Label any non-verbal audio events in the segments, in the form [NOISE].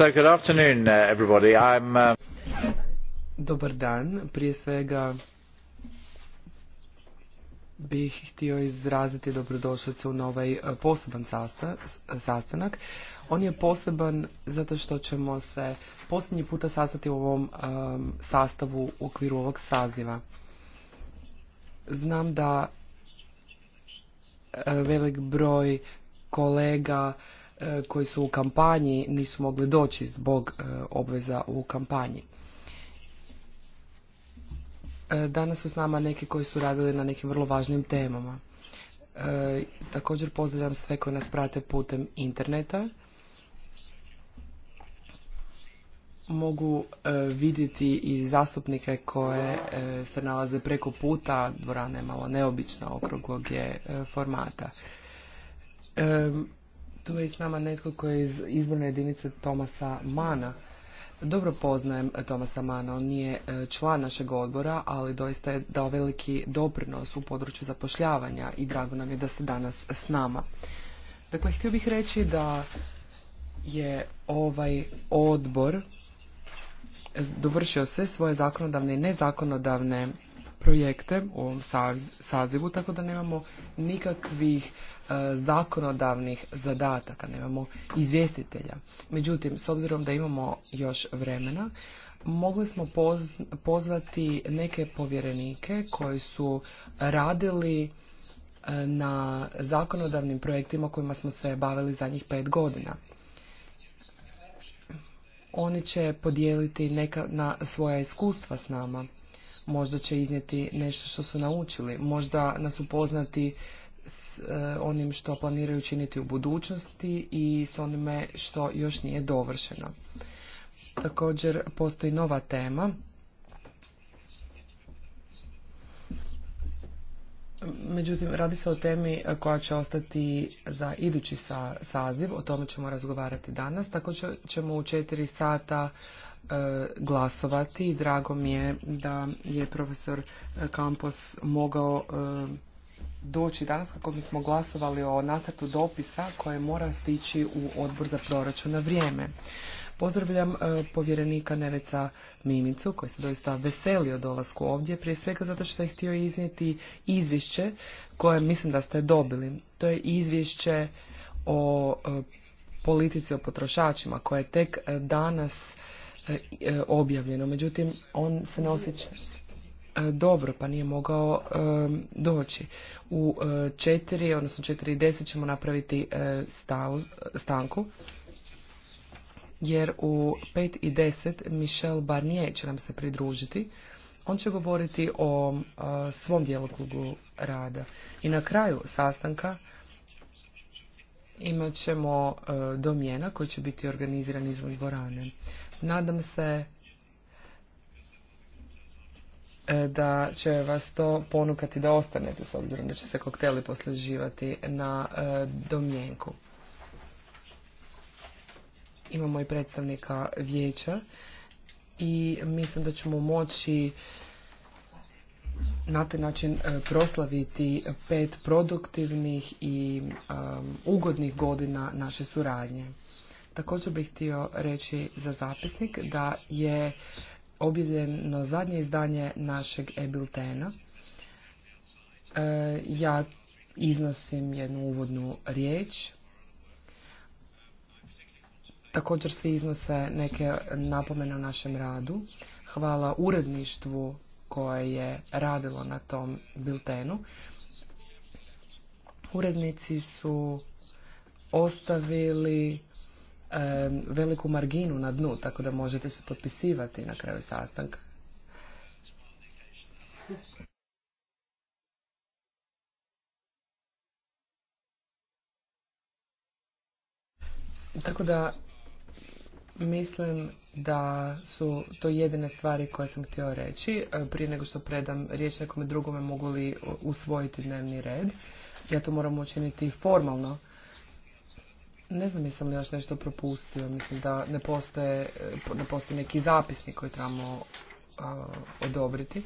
Uh, uh, Dobar dan. Prije svega bih htio izraziti dobrodošlicu na ovaj uh, poseban sastanak. On je poseban zato što ćemo se posljednji puta sastati u ovom um, sastavu u okviru ovog saziva. Znam da velik broj kolega E, koji su u kampanji nisu mogli doći zbog e, obveza u kampanji. E, danas su s nama neki koji su radili na nekim vrlo važnim temama. Također pozdravljam sve koji nas prate putem interneta. Mogu vidjeti i zastupnike koje se nalaze preko puta, dvorana je malo neobična, okruglog je formata. Tu je s nama netko koji je iz izborne jedinice Tomasa Mana. Dobro poznajem Tomasa Mana, on nije e, član našeg odbora, ali doista je dao veliki doprinos u području zapošljavanja i drago nam je da ste danas s nama. Dakle, htio bih reći da je ovaj odbor dovršio sve svoje zakonodavne i nezakonodavne projekte u ovom sazivu, tako da nemamo nikakvih E, zakonodavnih zadataka, nemamo izvjestitelja. Međutim, s obzirom da imamo još vremena, mogli smo pozvati neke povjerenike koji su radili e, na zakonodavnim projektima kojima smo se bavili zadnjih pet godina. Oni će podijeliti neka na svoja iskustva s nama. Možda će iznijeti nešto što su naučili. Možda nas upoznati E, onim što planiraju činiti u budućnosti i s onime što još nije dovršeno. Također postoji nova tema. Međutim, radi se o temi koja će ostati za idući saziv, o tome ćemo razgovarati danas. Tako ćemo u četiri sata e, glasovati. Drago mi je da je profesor Kampos mogao e, doći danas kako bismo glasovali o nacrtu dopisa koje mora stići u odbor za proračun na vrijeme. Pozdravljam e, povjerenika Neveca Mimicu koji se doista veselio dolasku ovdje, prije svega zato što je htio iznijeti izvješće koje mislim da ste dobili. To je izvješće o e, politici o potrošačima koje je tek e, danas objavljeno. Međutim, on se ne osjeća E, dobro pa nije mogao e, doći. U e, četiri, odnosno četiri i deset ćemo napraviti stanku jer u pet i deset Michel Barnier će nam se pridružiti. On će govoriti o svom djelokrugu rada. I na kraju sastanka imat ćemo domjena koji će biti organiziran izvoj dvorane. Nadam se E, da će vas to ponukati da ostanete s obzirom da će se kokteli posluživati na e, domjenku. Imamo i predstavnika vijeća i mislim da ćemo moći na taj način e, proslaviti pet produktivnih i ugodnih godina naše suradnje. Također bih htio reći za zapisnik da je objavljeno zadnje izdanje našeg e-biltena. E, ja iznosim jednu uvodnu riječ. Također se iznose neke napomene o našem radu. Hvala uredništvu koje je radilo na tom biltenu. Urednici su ostavili veliku marginu na dnu, tako da možete se potpisivati na kraju sastanka. Tako da mislim da su to jedine stvari koje sam htio reći. E, prije nego što predam riječ nekome drugome mogu li usvojiti dnevni red. Ja to moram učiniti formalno ne znam jesam li još nešto propustio, mislim da ne postoje, ne postoje neki zapisnik koji trebamo odobriti.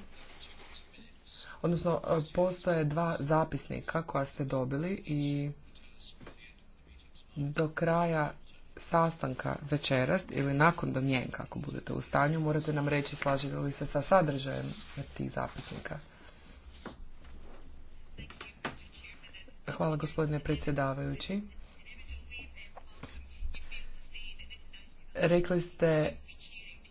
Odnosno, postoje dva zapisnika koja ste dobili i do kraja sastanka večeras ili nakon domjenka, ako kako budete u stanju, morate nam reći slažete li se sa sadržajem tih zapisnika. Hvala gospodine predsjedavajući. Rekli ste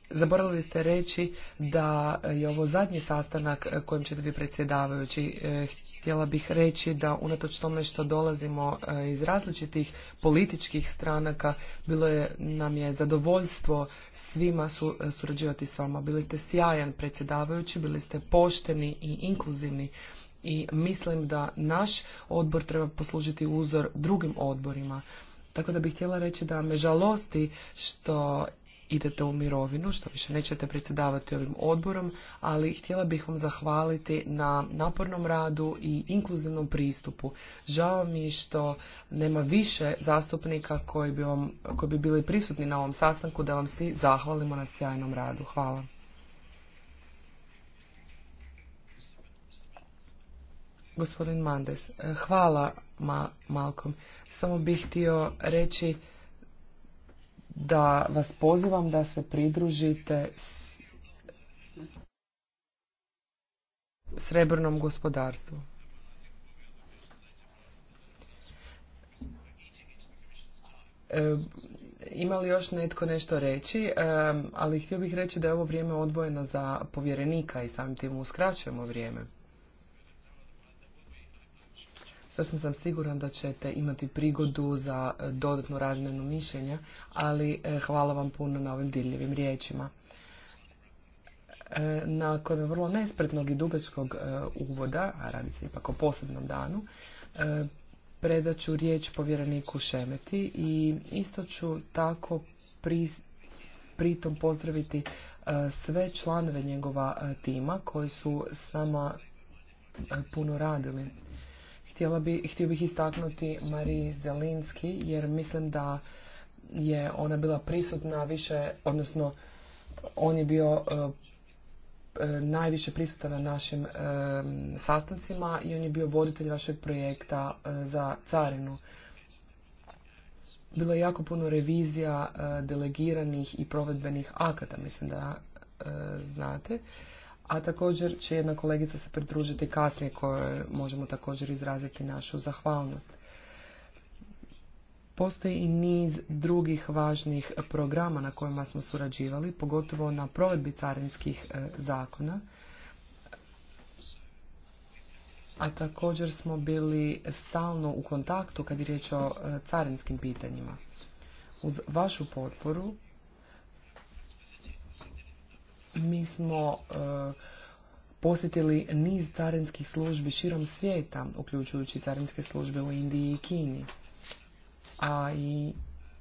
Zaboravili ste reći da je ovo zadnji sastanak kojim ćete biti predsjedavajući. E, htjela bih reći da unatoč tome što dolazimo e, iz različitih političkih stranaka, bilo je, nam je zadovoljstvo svima su, e, surađivati s vama. Bili ste sjajan predsjedavajući, bili ste pošteni i inkluzivni i mislim da naš odbor treba poslužiti uzor drugim odborima. Tako da bih htjela reći da me žalosti što idete u mirovinu, što više nećete predsjedavati ovim odborom, ali htjela bih vam zahvaliti na napornom radu i inkluzivnom pristupu. Žao mi što nema više zastupnika koji bi, vam, koji bi bili prisutni na ovom sastanku da vam svi zahvalimo na sjajnom radu. Hvala. Gospodin Mandes, e, hvala Malkom. Samo bih htio reći da vas pozivam da se pridružite srebrnom gospodarstvu. Imali e, ima li još netko nešto reći, e, ali htio bih reći da je ovo vrijeme odvojeno za povjerenika i samim tim uskraćujemo vrijeme. Sasvim sam siguran da ćete imati prigodu za e, dodatnu razmjenu mišljenja, ali e, hvala vam puno na ovim dirljivim riječima. E, Nakon vrlo nespretnog i dugačkog uvoda, a radi se ipak o posebnom danu, predat ću riječ povjereniku Šemeti i isto ću tako pritom pozdraviti sve članove njegova tima koji su s nama puno radili. Htjela bi, htio bih istaknuti Mariji Zelinski jer mislim da je ona bila prisutna više, odnosno on je bio e, e, najviše prisutan na našim e, sastancima i on je bio voditelj vašeg projekta za carinu. Bilo je jako puno revizija delegiranih i provedbenih akata, mislim da znate a također će jedna kolegica se pridružiti kasnije kojoj možemo također izraziti našu zahvalnost. Postoji i niz drugih važnih programa na kojima smo surađivali, pogotovo na provedbi carinskih e, zakona. A također smo bili stalno u kontaktu kad je riječ o e, carinskim pitanjima. Uz vašu potporu mi smo e, posjetili niz carinskih službi širom svijeta, uključujući carinske službe u Indiji i Kini, a i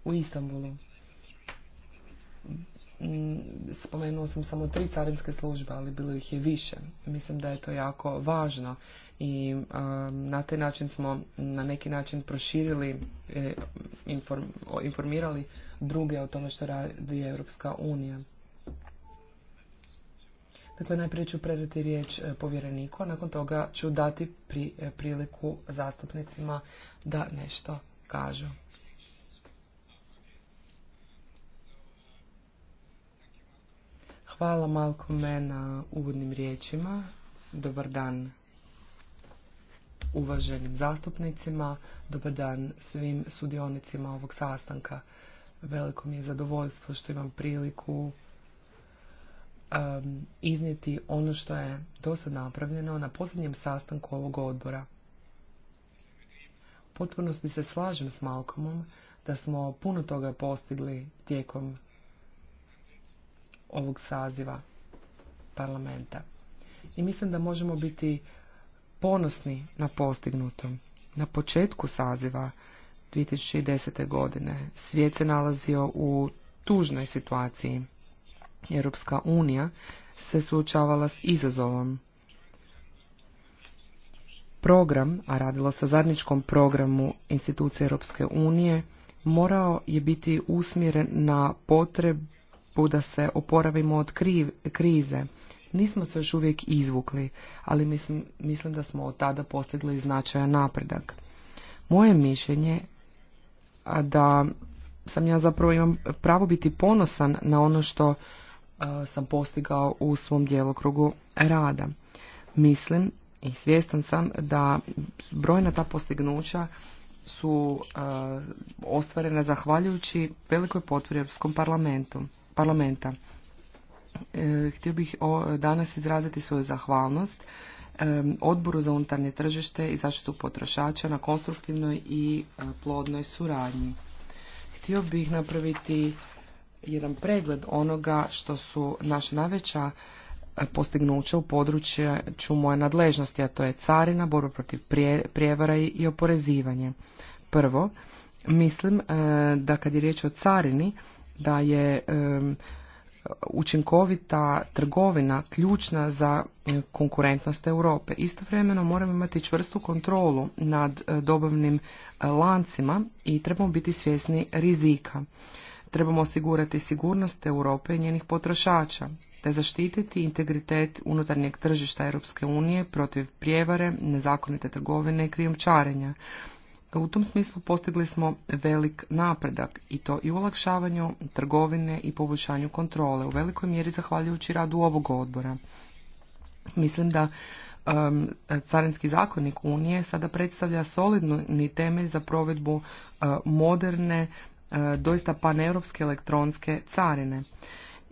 u Istanbulu. Mm, spomenuo sam samo tri carinske službe, ali bilo ih je više. Mislim da je to jako važno i e, na taj način smo na neki način proširili, e, informirali druge o tome što radi Europska unija. Dakle, najprije ću predati riječ e, povjereniku, a nakon toga ću dati pri, e, priliku zastupnicima da nešto kažu. Hvala me na uvodnim riječima. Dobar dan uvaženim zastupnicima, dobar dan svim sudionicima ovog sastanka. Veliko mi je zadovoljstvo što imam priliku um, iznijeti ono što je dosad napravljeno na posljednjem sastanku ovog odbora. Potpunosti se slažem s Malkomom da smo puno toga postigli tijekom ovog saziva parlamenta. I mislim da možemo biti ponosni na postignutom. Na početku saziva 2010. godine svijet se nalazio u tužnoj situaciji. Europska unija se suočavala s izazovom. Program, a radilo se o zadničkom programu institucije Europske unije, morao je biti usmjeren na potrebu da se oporavimo od krize. Nismo se još uvijek izvukli, ali mislim, mislim da smo od tada postigli značajan napredak. Moje mišljenje da sam ja zapravo imam pravo biti ponosan na ono što sam postigao u svom djelokrugu rada. Mislim i svjestan sam da brojna ta postignuća su ostvarena zahvaljujući velikoj potpori Europskom parlamentu, parlamenta. E, htio bih danas izraziti svoju zahvalnost e, odboru za unutarnje tržište i zaštitu potrošača na konstruktivnoj i plodnoj suradnji. Htio bih napraviti jedan pregled onoga što su naša najveća e, postignuća u području moje nadležnosti, a to je carina, borba protiv prijevara i oporezivanje. Prvo, mislim e, da kad je riječ o carini, da je e, učinkovita trgovina ključna za konkurentnost Europe. Istovremeno moramo imati čvrstu kontrolu nad dobavnim lancima i trebamo biti svjesni rizika. Trebamo osigurati sigurnost Europe i njenih potrošača, te zaštititi integritet unutarnjeg tržišta Europske unije protiv prijevare, nezakonite trgovine i krijomčarenja. U tom smislu postigli smo velik napredak i to i u olakšavanju trgovine i poboljšanju kontrole u velikoj mjeri zahvaljujući radu ovog odbora. Mislim da um, carinski zakonik Unije sada predstavlja solidni temelj za provedbu uh, moderne E, doista paneuropske elektronske carine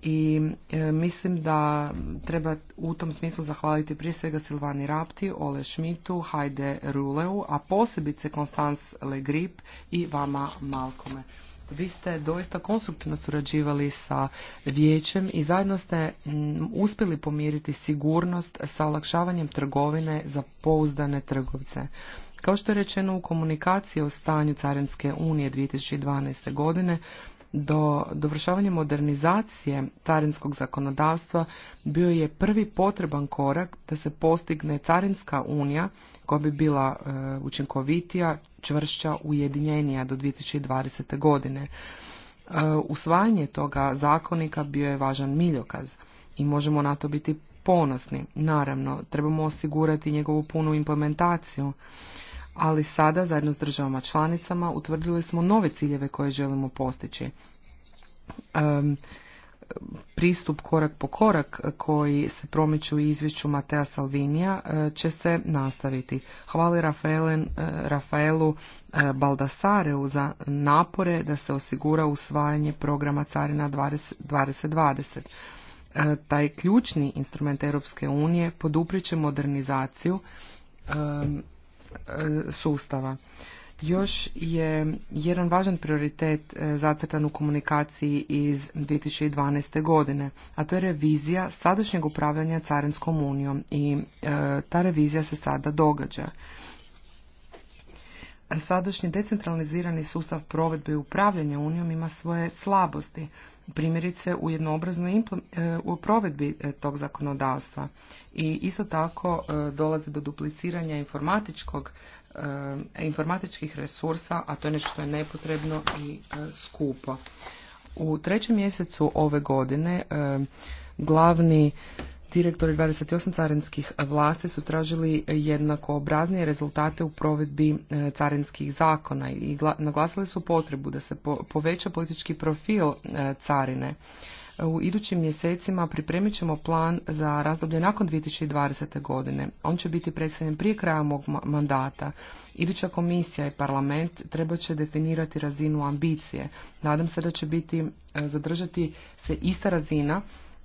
i e, mislim da treba u tom smislu zahvaliti prije svega Silvani Rapti, Ole Šmitu, Hajde Ruleu, a posebice Konstans Legrip i vama Malkome vi ste doista konstruktivno surađivali sa vijećem i zajedno ste uspjeli pomiriti sigurnost sa olakšavanjem trgovine za pouzdane trgovce. Kao što je rečeno u komunikaciji o stanju Carinske unije 2012. godine, do dovršavanja modernizacije carinskog zakonodavstva bio je prvi potreban korak da se postigne carinska unija koja bi bila e, učinkovitija, čvršća, ujedinjenija do 2020. godine. E, usvajanje toga zakonika bio je važan miljokaz i možemo na to biti ponosni. Naravno, trebamo osigurati njegovu punu implementaciju ali sada zajedno s državama članicama utvrdili smo nove ciljeve koje želimo postići. pristup korak po korak koji se promiču u izvješću Matea Salvinija e, će se nastaviti. Hvali Rafaelen, e, Rafaelu e, Baldasareu za napore da se osigura usvajanje programa Carina 2020. 2020. Taj ključni instrument Europske unije podupriće modernizaciju sustava. Još je jedan važan prioritet e, zacrtan u komunikaciji iz 2012. godine, a to je revizija sadašnjeg upravljanja Carinskom unijom i e, ta revizija se sada događa sadašnji decentralizirani sustav provedbe i upravljanja Unijom ima svoje slabosti, primjerice u jednoobraznoj e, u provedbi e, tog zakonodavstva. I isto tako e, dolazi do dupliciranja informatičkog, informatičkih resursa, a to je nešto je nepotrebno i skupo. U trećem mjesecu ove godine glavni Direktori 28 carinskih vlasti su tražili jednako rezultate u provedbi e, carinskih zakona i naglasili su potrebu da se poveća politički profil e, carine. E, u idućim mjesecima pripremit ćemo plan za razdoblje nakon 2020. godine. On će biti predstavljen prije kraja mog mandata. Iduća komisija i parlament treba će definirati razinu ambicije. Nadam se da će biti zadržati se ista razina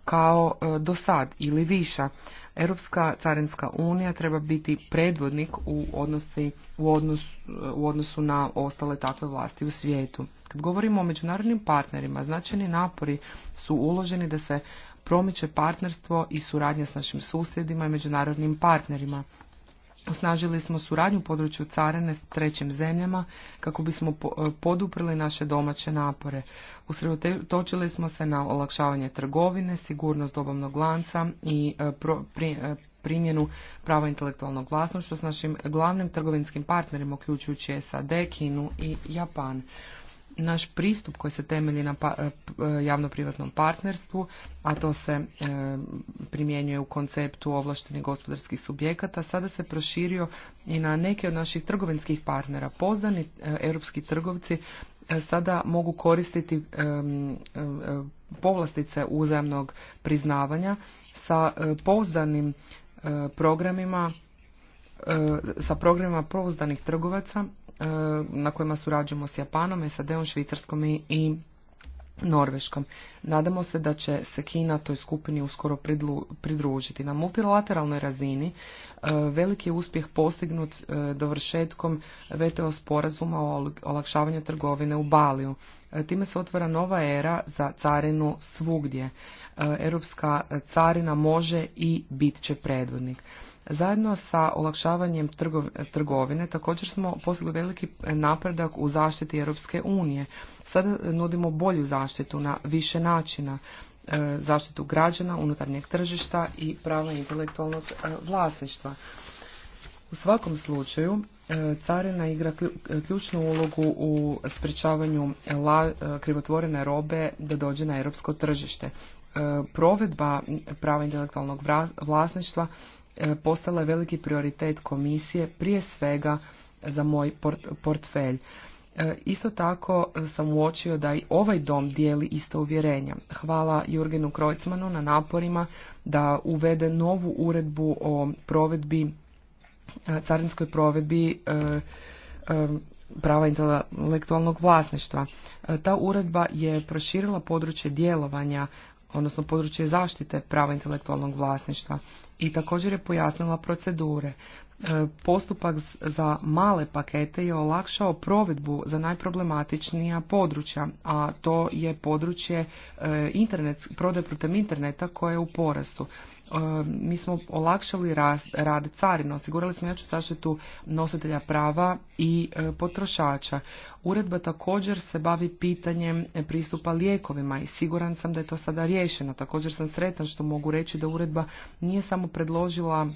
kao e, do sad ili viša. Europska carinska unija treba biti predvodnik u, odnosi, u, u odnosu na ostale takve vlasti u svijetu. Kad govorimo o međunarodnim partnerima, značajni napori su uloženi da se promiče partnerstvo i suradnja s našim susjedima i međunarodnim partnerima. Osnažili smo suradnju u području carine s trećim zemljama kako bismo e, poduprili naše domaće napore. Usredotočili smo se na olakšavanje trgovine, sigurnost dobavnog lanca i e, e, primjenu prava intelektualnog vlasništva s našim glavnim trgovinskim partnerima, uključujući SAD, Kinu i Japan naš pristup koji se temelji na pa, e, e, javno-privatnom partnerstvu, a to se e, primjenjuje u konceptu ovlaštenih gospodarskih subjekata, sada se proširio i na neke od naših trgovinskih partnera. Poznani europski trgovci sada mogu koristiti povlastice uzajamnog priznavanja sa pouzdanim programima sa programima pouzdanih trgovaca E, na kojima surađujemo s Japanom, SAD-om, Švicarskom i Norveškom. Nadamo se da će se Kina toj skupini uskoro pridružiti. Na multilateralnoj razini e, veliki uspjeh postignut e, dovršetkom VTO sporazuma o olakšavanju trgovine u Baliju. Time se otvara nova era za carinu svugdje. Europska carina može i bit će predvodnik. Zajedno sa olakšavanjem trgovine također smo postigli veliki napredak u zaštiti Europske unije. Sada nudimo bolju zaštitu na više načina e, zaštitu građana, unutarnjeg tržišta i prava intelektualnog e, vlasništva. U svakom slučaju, e, carina igra ključnu ulogu u sprečavanju krivotvorene robe da dođe na europsko tržište. Provedba prava intelektualnog vlasništva E, postala je veliki prioritet komisije, prije svega za moj portfelj. E, isto tako sam uočio da i ovaj dom dijeli isto uvjerenja. Hvala Jurgenu Krojcmanu na naporima da uvede novu uredbu o provedbi, e, carinskoj provedbi prava intelektualnog vlasništva. Ta uredba je proširila područje djelovanja odnosno područje zaštite prava intelektualnog vlasništva i također je pojasnila procedure. E, postupak za male pakete je olakšao provedbu za najproblematičnija područja, a to je područje e, internet, prode putem interneta koje je u porastu. E, mi smo olakšali rad carina, osigurali smo jaču zaštitu nositelja prava i potrošača. Uredba također se bavi pitanjem pristupa lijekovima i siguran sam da je to sada riješeno. Također sam sretan što mogu reći da uredba nije samo predložila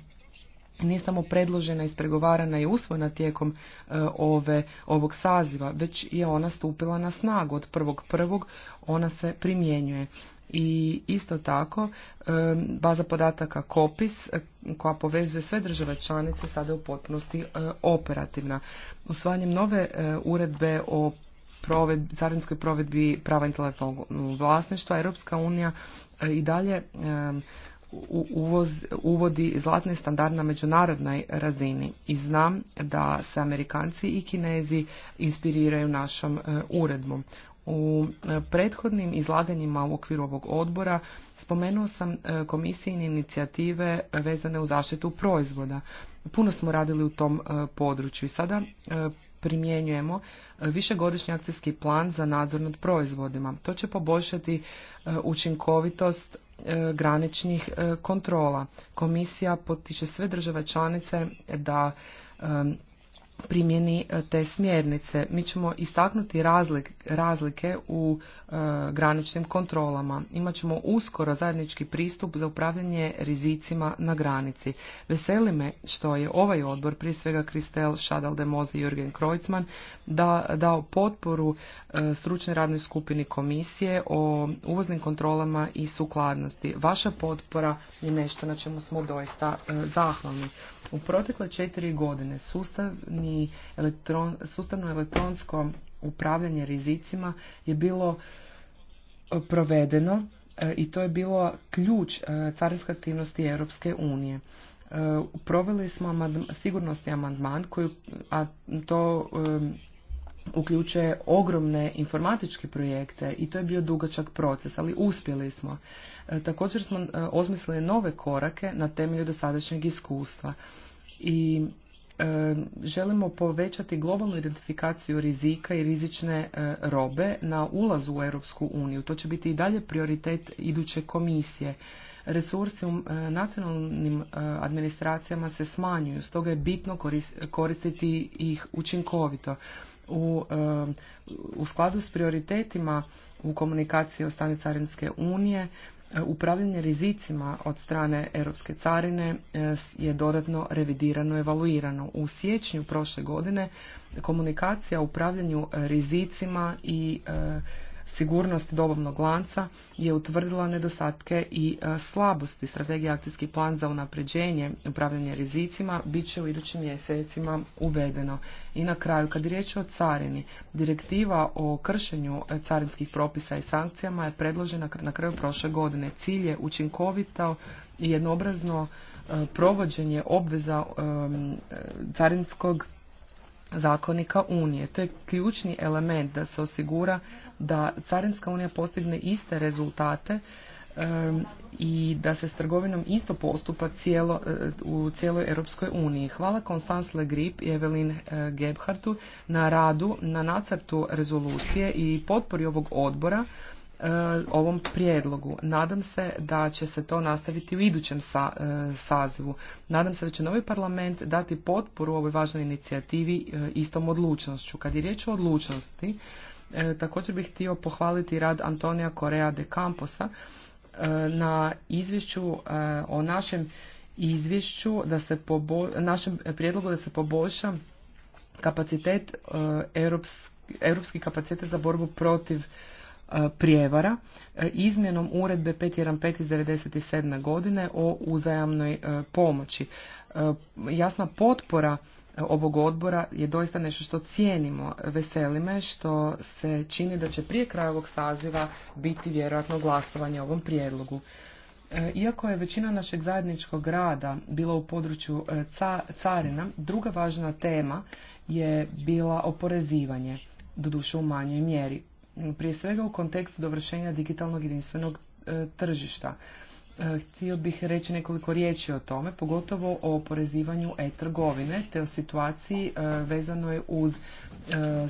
nije samo predložena, ispregovarana i usvojena tijekom e, ove, ovog saziva, već je ona stupila na snagu. Od prvog prvog ona se primjenjuje. I isto tako, e, baza podataka Kopis e, koja povezuje sve države članice, sada je u potpunosti operativna. Usvajanjem nove uredbe o proved carinskoj provedbi prava intelektualnog vlasništva, Europska unija i dalje uvoz, uvodi zlatni standard na međunarodnoj razini i znam da se Amerikanci i Kinezi inspiriraju našom e, uredbom. U e, prethodnim izlaganjima u okviru ovog odbora spomenuo sam e, komisijne inicijative vezane u zaštitu proizvoda. Puno smo radili u tom području i sada primjenjujemo e, višegodišnji akcijski plan za nadzor nad proizvodima. To će poboljšati e, učinkovitost e, graničnih kontrola. Komisija potiče sve države članice da primjeni e, te smjernice. Mi ćemo istaknuti razlike u e, graničnim kontrolama. Imaćemo uskoro zajednički pristup za upravljanje rizicima na granici. Veseli me što je ovaj odbor, prije svega Kristel Šadal de Moze i Jürgen Kreuzman, da, dao potporu e, stručnoj radnoj skupini komisije o uvoznim kontrolama i sukladnosti. Vaša potpora je nešto na čemu smo doista zahvalni. U protekle četiri godine sustavni sustavno elektronsko upravljanje rizicima je bilo e, provedeno e, i to je bilo ključ e, carinske aktivnosti Europske unije. Proveli smo sigurnosni amandman koju, a to uključuje ogromne informatičke projekte i to je bio dugačak proces, ali uspjeli smo. E, također smo e, osmislili nove korake na temelju dosadašnjeg iskustva i e, želimo povećati globalnu identifikaciju rizika i rizične e, robe na ulazu u Europsku uniju. To će biti i dalje prioritet iduće komisije. Resursi u nacionalnim administracijama se smanjuju, stoga je bitno koristiti ih učinkovito u, u skladu s prioritetima u komunikaciji o stanju Carinske unije, eh, upravljanje rizicima od strane Europske carine eh, je dodatno revidirano i evaluirano. U siječnju prošle godine komunikacija o upravljanju rizicima i eh, sigurnost dobavnog lanca je utvrdila nedostatke i e, slabosti. Strategija akcijski plan za unapređenje upravljanja rizicima bit će u idućim mjesecima uvedeno. I na kraju, kad je riječ o carini, direktiva o kršenju e, carinskih propisa i sankcijama je predložena na kraju prošle godine. Cilj je učinkovito i jednobrazno e, provođenje obveza carinskog zakonika Unije. To je ključni element da se osigura da Carinska Unija postigne iste rezultate i da se s trgovinom isto postupa cijelo, e, u cijeloj Europskoj uniji. Hvala Konstans Le Grip i Evelin e, Gebhartu na radu, na nacrtu rezolucije i potpori ovog odbora E, ovom prijedlogu. Nadam se da će se to nastaviti u idućem e, sazivu. Nadam se da će novi parlament dati potporu ovoj važnoj inicijativi e, istom odlučnošću. Kad je riječ o odlučnosti, također bih htio pohvaliti rad Antonija Korea de Camposa na izvješću o našem izvješću da se pobo, našem prijedlogu da se poboljša kapacitet europski kapacitet za borbu protiv E, prijevara e, izmjenom uredbe 515 iz godine o uzajamnoj e, pomoći. Jasna potpora ovog odbora je doista nešto što cijenimo. Veseli me što se čini da će prije kraja ovog saziva biti vjerojatno glasovanje ovom prijedlogu. Iako je većina našeg zajedničkog rada bila u području carina, druga važna tema je bila oporezivanje, doduše u manjoj mjeri prije svega u kontekstu dovršenja digitalnog jedinstvenog e, tržišta. E, htio bih reći nekoliko riječi o tome, pogotovo o oporezivanju e-trgovine, te o situaciji e, vezanoj uz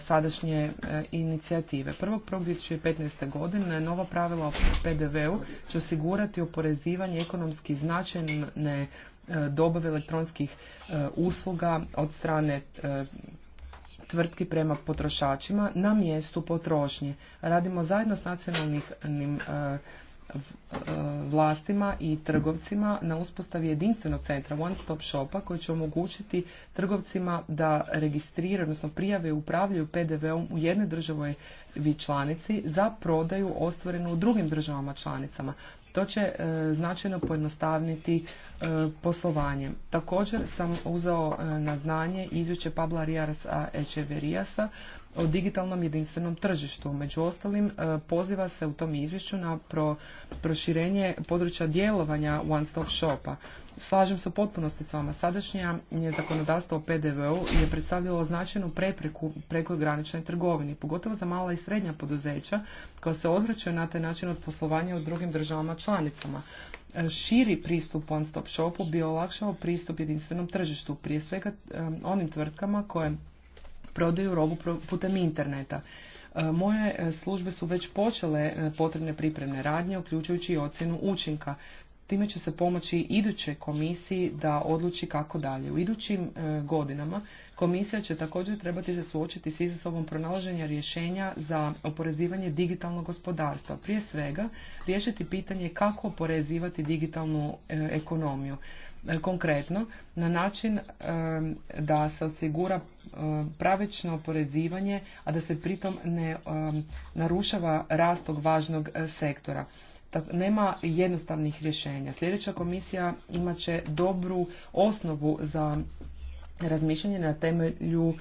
sadašnje inicijative. 1.1.2015. godine nova pravila o PDV-u će osigurati oporezivanje ekonomski značajne dobave elektronskih usluga od strane tvrtki prema potrošačima na mjestu potrošnje. Radimo zajedno s nacionalnim eh, vlastima i trgovcima na uspostavi jedinstvenog centra One Stop Shopa koji će omogućiti trgovcima da registriraju, odnosno prijave i upravljaju PDV-om u jednoj državoj članici za prodaju ostvarenu u drugim državama članicama. To će e, značajno pojednostavniti e, poslovanje. Također sam uzeo e, na znanje izvješće Pabla Rijarasa Echeveriasa o digitalnom jedinstvenom tržištu. Među ostalim, e, poziva se u tom izvješću na pro, proširenje područja djelovanja one-stop shopa. Slažem se u potpunosti s vama. je zakonodavstvo o PDV-u je predstavljalo značajnu prepreku prekograničnoj trgovini, pogotovo za mala i srednja poduzeća koja se odvraćaju na taj način od poslovanja u drugim državama članicama e, širi pristup one stop shopu bi olakšao pristup jedinstvenom tržištu, prije svega e, onim tvrtkama koje prodaju robu putem interneta. E, moje e, službe su već počele e, potrebne pripremne radnje, uključujući i ocjenu učinka. Time će se pomoći idućoj komisiji da odluči kako dalje. U idućim godinama komisija će također trebati se suočiti s izazovom pronalaženja rješenja za oporezivanje digitalnog gospodarstva. Prije svega, riješiti pitanje kako oporezivati digitalnu ekonomiju. E, konkretno na način e, da se osigura e, pravično oporezivanje, a da se pritom ne narušava rast tog važnog sektora. nema jednostavnih rješenja. Sljedeća komisija imat će dobru osnovu za razmišljanje na temelju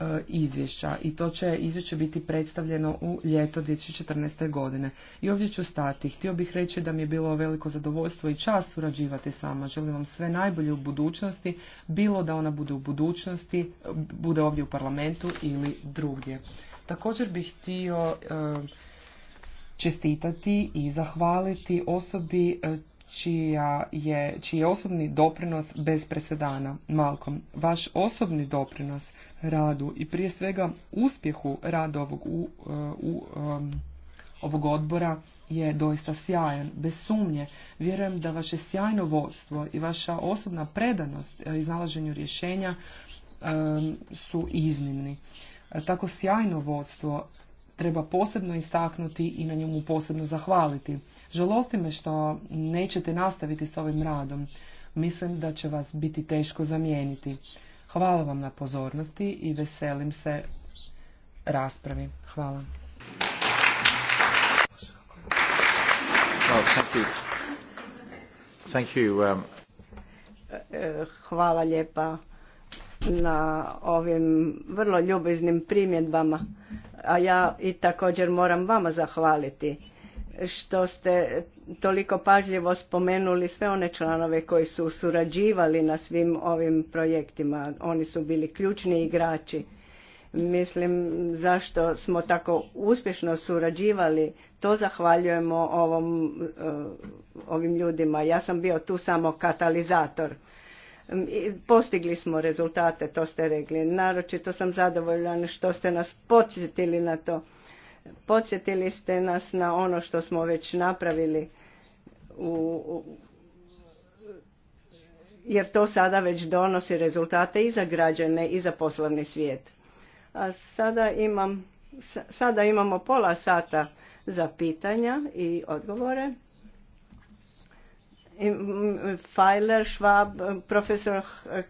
E, izvješća i to će izvješće biti predstavljeno u ljeto 2014. godine. I ovdje ću stati. Htio bih reći da mi je bilo veliko zadovoljstvo i čas surađivati s vama. Želim vam sve najbolje u budućnosti, bilo da ona bude u budućnosti, bude ovdje u parlamentu ili drugdje. Također bih htio e, čestitati i zahvaliti osobi e, čija je, čiji je osobni doprinos bez presedana. Malkom, vaš osobni doprinos radu i prije svega uspjehu rada ovog u, um, ovog odbora je doista sjajan, bez sumnje. Vjerujem da vaše sjajno vodstvo i vaša osobna predanost e, iznalaženju rješenja um, su iznimni. E, tako sjajno vodstvo treba posebno istaknuti i na njemu posebno zahvaliti. Žalosti me što nećete nastaviti s ovim radom. Mislim da će vas biti teško zamijeniti. Hvala vam na pozornosti i veselim se raspravi. Hvala. Um, e, hvala lijepa na ovim vrlo ljubiznim primjedbama, a ja i također moram vama zahvaliti što ste toliko pažljivo spomenuli sve one članove koji su surađivali na svim ovim projektima. Oni su bili ključni igrači. Mislim zašto smo tako uspješno surađivali, to zahvaljujemo eh, ovim ljudima. Ja sam bio tu samo katalizator. Mm, postigli smo rezultate, to ste rekli. Naročito sam zadovoljan što ste nas podsjetili na to Podsjetili ste nas na ono što smo već napravili u, jer to sada već donosi rezultate i za građane i za poslovni svijet. A sada, imam, sada imamo pola sata za pitanja i odgovore. Mm, Fajler, Schwab, profesor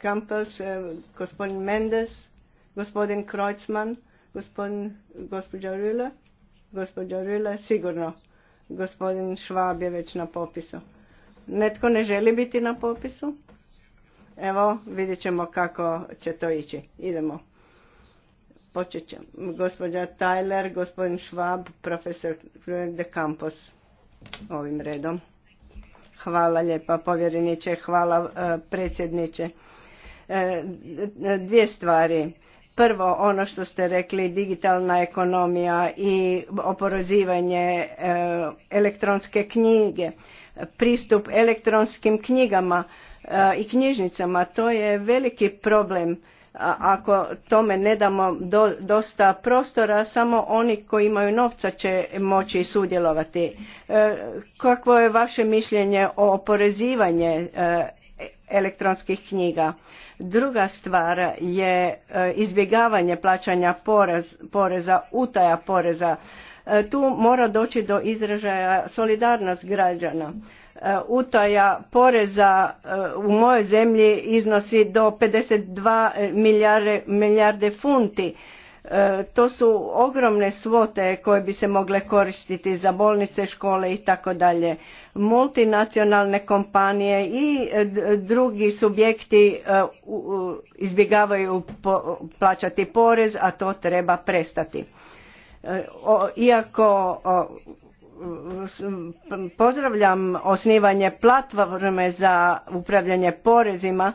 Kampels, eh, gospodin Mendes, gospodin Kreuzmann, gospodin, gospođa Rüller. Gospođa Rila, sigurno. Gospodin Švab je već na popisu. Netko ne želi biti na popisu? Evo, vidjet ćemo kako će to ići. Idemo. Počet ćemo. Gospođa Tyler, gospodin Švab, profesor de Campos. Ovim redom. Hvala lijepa povjereniče, hvala e, predsjedniče. E, dvije stvari Prvo, ono što ste rekli, digitalna ekonomija i oporezivanje e, elektronske knjige, pristup elektronskim knjigama e, i knjižnicama, to je veliki problem. Ako tome ne damo dosta prostora, samo oni koji imaju novca će moći sudjelovati. E, kakvo je vaše mišljenje o oporezivanje elektronskih knjiga. Druga stvar je e, izbjegavanje plaćanja poreza, utaja poreza. E, tu mora doći do izražaja solidarnost građana. E, utaja poreza u mojoj zemlji iznosi do 52 milijarde funti E, to su ogromne svote koje bi se mogle koristiti za bolnice, škole i tako dalje. Multinacionalne kompanije i e, drugi subjekti e, izbjegavaju plaćati porez, a to treba prestati. Iako pozdravljam osnivanje platforme za upravljanje porezima,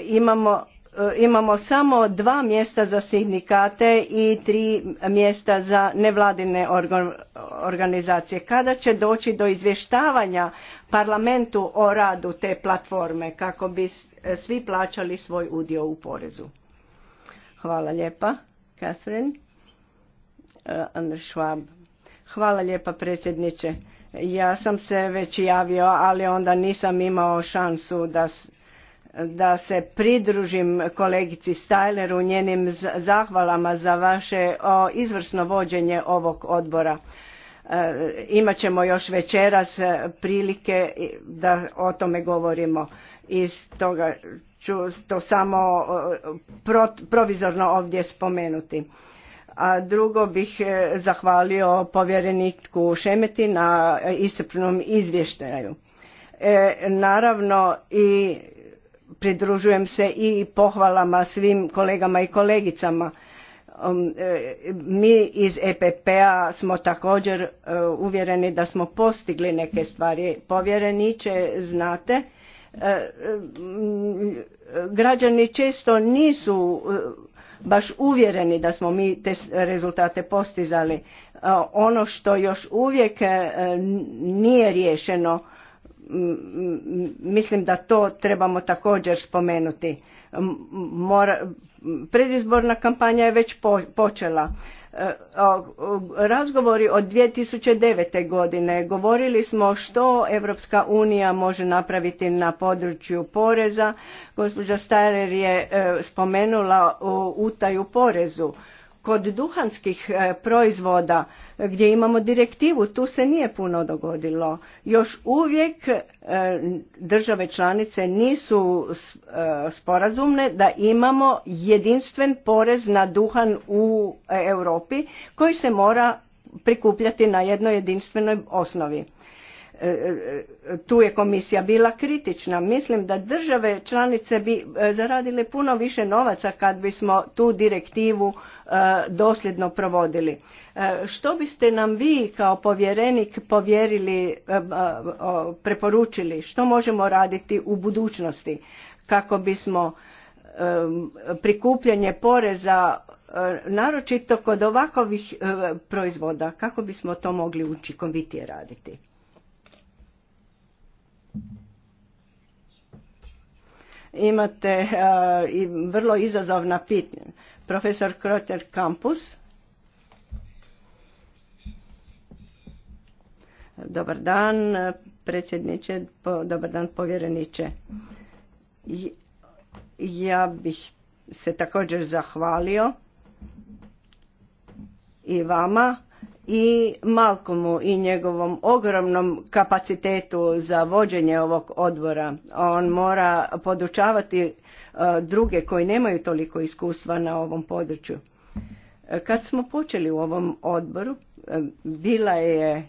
imamo E, imamo samo dva mjesta za sindikate i tri mjesta za nevladine organizacije. Kada će doći do izvještavanja parlamentu o radu te platforme kako bi e, svi plaćali svoj udio u porezu? Hvala lijepa, Catherine. E, Schwab. Hvala lijepa predsjedniče. Ja sam se već javio, ali onda nisam imao šansu da da se pridružim kolegici Stajleru u njenim zahvalama za vaše izvrsno vođenje ovog odbora. E, imat ćemo još večeras e, prilike da o tome govorimo. I stoga ću to samo provizorno ovdje spomenuti. A drugo bih e, zahvalio povjereniku Šemeti na iscrpnom izvještaju. naravno i pridružujem se i pohvalama svim kolegama i kolegicama um, e, mi iz EPP-a smo također e, uvjereni da smo postigli neke stvari. Povjereniče, znate, e, građani često nisu baš uvjereni da smo mi te rezultate postizali. Ono što još uvijek nije riješeno mislim da to trebamo također spomenuti. Mora, predizborna kampanja je već počela. E, razgovori od 2009. godine govorili smo što Europska unija može napraviti na području poreza. Gospođa Stajler je e, spomenula utaju porezu Kod duhanskih e, proizvoda gdje imamo direktivu, tu se nije puno dogodilo. Još uvijek e, države članice nisu e, sporazumne da imamo jedinstven porez na duhan u Europi koji se mora prikupljati na jednoj jedinstvenoj osnovi. Tu je komisija bila kritična. Mislim da države članice bi zaradile puno više novaca kad bismo tu direktivu E, dosljedno provodili. E, što biste nam vi kao povjerenik povjerili, e, preporučili, što možemo raditi u budućnosti kako bismo prikupljanje poreza naročito kod ovakvih proizvoda kako bismo to mogli učinkovitije raditi imate i vrlo izazovna pitanja Profesor Kroter Kampus. Dobar dan, predsjedniče, dobar dan, povjereniče. Ja bih se također zahvalio i vama i Malkomu i njegovom ogromnom kapacitetu za vođenje ovog odbora. On mora podučavati E, druge koji nemaju toliko iskustva na ovom području. E, kad smo počeli u ovom odboru, e, bila je,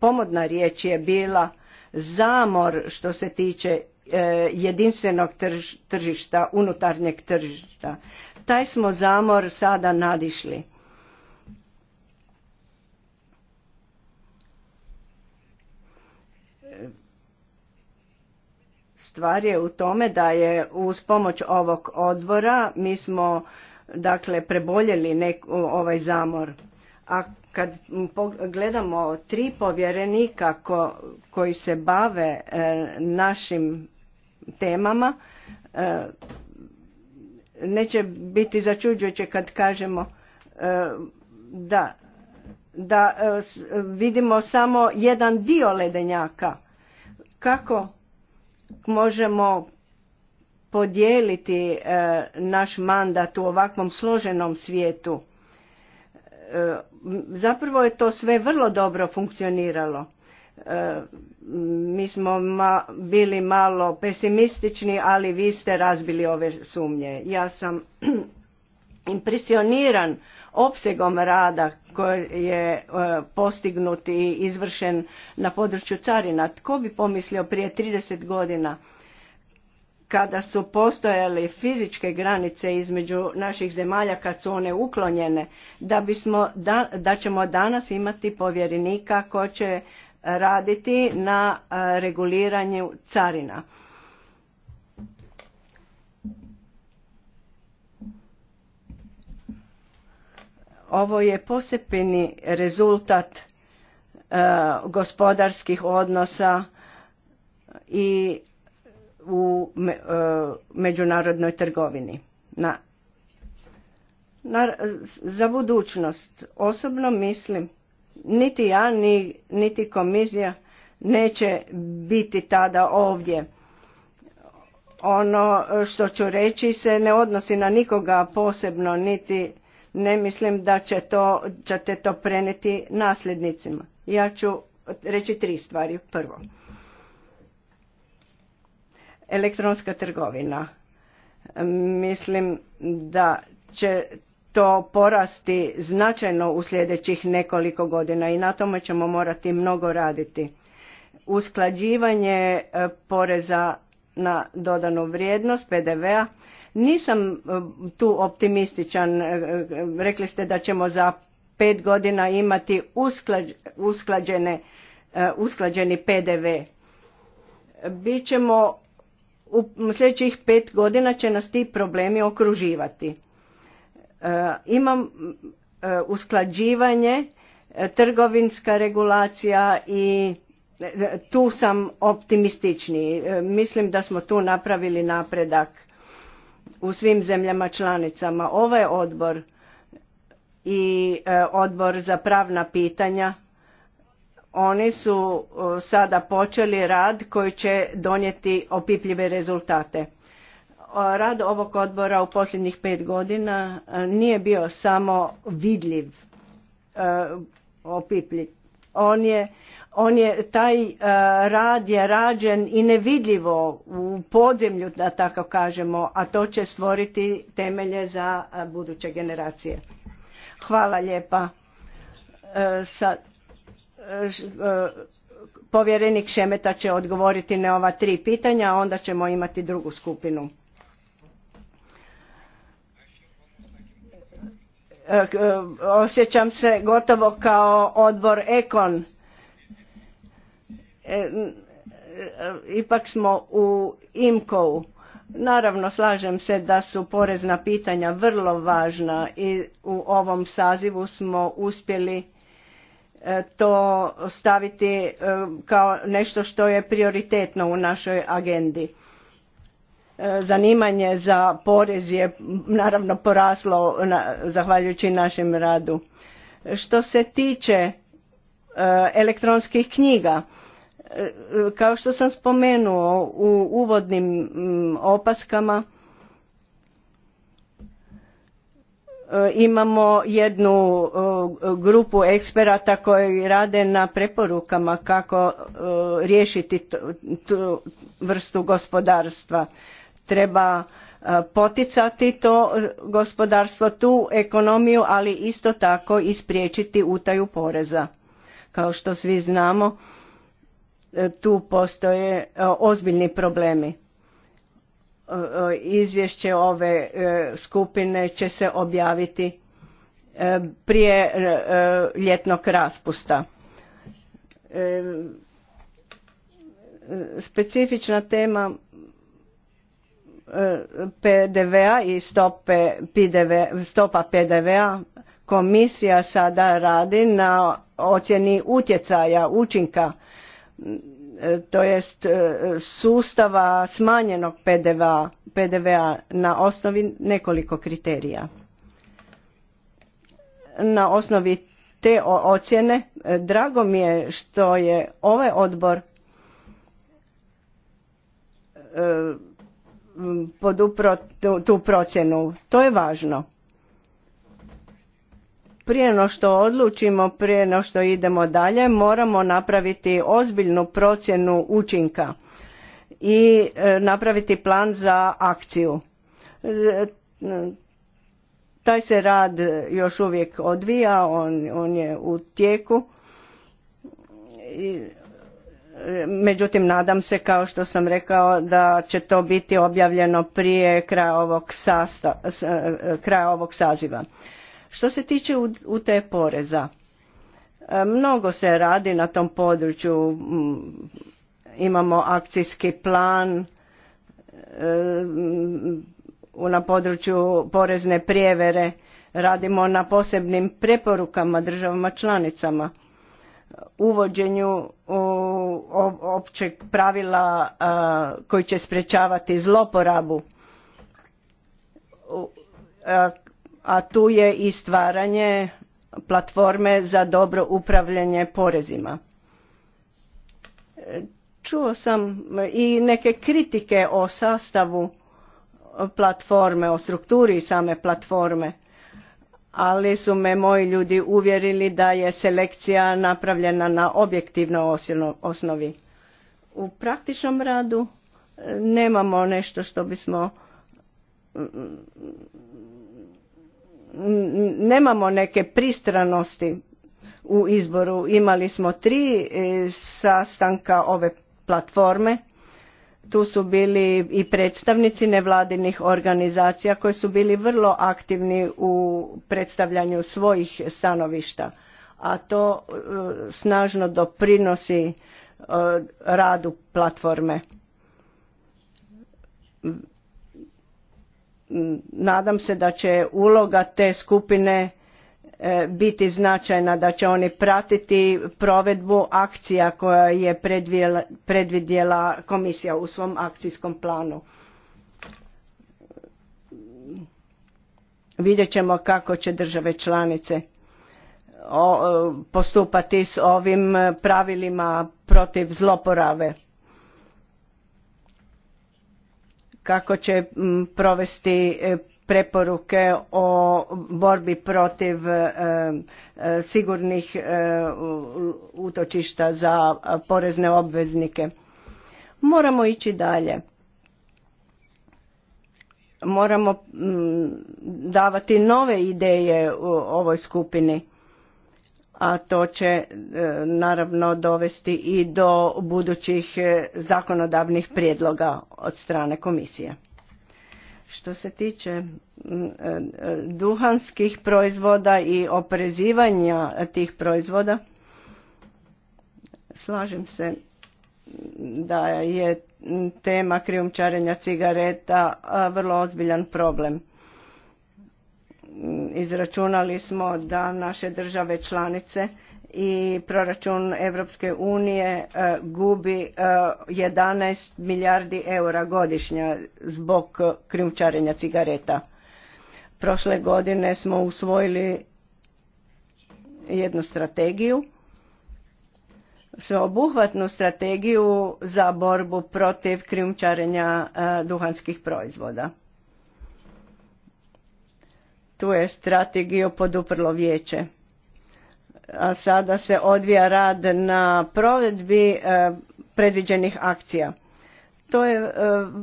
pomodna riječ je bila zamor što se tiče jedinstvenog tržišta, unutarnjeg tržišta. Taj smo zamor sada nadišli stvar je u tome da je uz pomoć ovog odbora mi smo dakle preboljeli ovaj zamor. A kad gledamo tri povjerenika koji se bave e, našim temama, e, neće biti začuđujuće kad kažemo e, da, da vidimo samo jedan dio ledenjaka. Kako možemo podijeliti e, naš mandat u ovakvom složenom svijetu. E, zapravo je to sve vrlo dobro funkcioniralo. E, mi smo bili malo pesimistični, ali vi ste razbili ove sumnje. Ja sam [CLEARS THROAT] impresioniran opsegom rada koji je e, postignut i izvršen na području carina. Tko bi pomislio prije 30 godina kada su postojale fizičke granice između naših zemalja kad su one uklonjene da bismo da, ćemo danas imati povjerenika ko će raditi na e, reguliranju carina Ovo je posebni rezultat e, gospodarskih odnosa i u e, međunarodnoj trgovini. za budućnost osobno mislim niti ja niti komisija neće biti tada ovdje. Ono što ću reći se ne odnosi na nikoga posebno niti ne mislim da će to, ćete to preneti nasljednicima. Ja ću reći tri stvari. Prvo, elektronska trgovina. Mislim da će to porasti značajno u sljedećih nekoliko godina i na tome ćemo morati mnogo raditi. Usklađivanje e, poreza na dodanu vrijednost PDV-a nisam e, tu optimističan, e, e, rekli ste da ćemo za pet godina imati usklađene, usklađeni PDV. Bićemo, u sljedećih pet godina će nas ti problemi okruživati. Imam usklađivanje, trgovinska regulacija i tu sam optimističniji. Mislim da smo tu napravili napredak u svim zemljama članicama. Ovaj odbor i e, odbor za pravna pitanja oni su e, sada počeli rad koji će donijeti opipljive rezultate. Rad ovog odbora u posljednjih pet godina e, nije bio samo vidljiv, opipljiv. On je on je taj e, rad je rađen i nevidljivo u podzemlju da tako kažemo a to će stvoriti temelje za e, buduće generacije hvala lijepa e, sa povjerenik Šemeta će odgovoriti na ova tri pitanja a onda ćemo imati drugu skupinu osjećam se gotovo kao odbor ekon E, e, ipak smo u imkou. Naravno, slažem se da su porezna pitanja vrlo važna i u ovom sazivu smo uspjeli e, to staviti kao nešto što je prioritetno u našoj agendi. Zanimanje za porez je naravno poraslo zahvaljujući našem radu. Što se tiče elektronskih knjiga, kao što sam spomenuo u uvodnim mm, opaskama, e, imamo jednu e, grupu eksperata koji rade na preporukama kako e, riješiti tu vrstu gospodarstva. Treba poticati to gospodarstvo, tu ekonomiju, ali isto tako i spriječiti utaju poreza. Kao što svi znamo, E, tu postoje e, ozbiljni problemi. E, izvješće ove skupine će se objaviti prije ljetnog raspusta. Specifična tema PDV-a i stopa PDV-a komisija sada radi na ocjeni utjecaja učinka E, to jest e, sustava smanjenog PDV-a na osnovi nekoliko kriterija. Na osnovi te ocjene e, drago mi je što je ovaj odbor podupro tu procjenu. To je važno prije no što odlučimo, prije no što idemo dalje, moramo napraviti ozbiljnu procjenu učinka i e, napraviti plan za akciju. E, taj se rad još uvijek odvija, on, on je u tijeku. I, e, međutim, nadam se, kao što sam rekao, da će to biti objavljeno prije kraja ovog, sasta kraja ovog saziva. Što se tiče te poreza, e, mnogo se radi na tom području, mm, imamo akcijski plan e, mm, na području porezne prijevere, radimo na posebnim preporukama državama članicama uvođenju općeg pravila e, koji će sprečavati zloporabu a tu je i stvaranje platforme za dobro upravljanje porezima. E, čuo sam i neke kritike o sastavu platforme, o strukturi same platforme, ali su me moji ljudi uvjerili da je selekcija napravljena na objektivnoj osnovi. U praktičnom radu e, nemamo nešto što bismo nemamo neke pristranosti u izboru. Imali smo tri e, sastanka ove platforme. Tu su bili i predstavnici nevladinih organizacija koji su bili vrlo aktivni u predstavljanju svojih stanovišta. A to e, snažno doprinosi e, radu platforme nadam se da će uloga te skupine e, biti značajna da će oni pratiti provedbu akcija koja je predvidjela komisija u svom akcijskom planu vidjet ćemo kako će države članice postupati s ovim pravilima protiv zloporabe kako će provesti e, preporuke o borbi protiv e, e, sigurnih utočišta za porezne obveznike. Moramo ići dalje. Moramo davati nove ideje u ovoj skupini a to će e, naravno dovesti i do budućih e, zakonodavnih prijedloga od strane komisije. Što se tiče e, duhanskih proizvoda i oprezivanja tih proizvoda, slažem se da je tema krijumčarenja cigareta vrlo ozbiljan problem izračunali smo da naše države članice i proračun Europske unije e, gubi 11 e, milijardi eura godišnja zbog krijumčarenja cigareta. Prošle godine smo usvojili jednu strategiju, sveobuhvatnu strategiju za borbu protiv krijumčarenja e, duhanskih proizvoda. Tu je strategiju poduprlo vijeće. A sada se odvija rad na provedbi e, predviđenih akcija. To je e,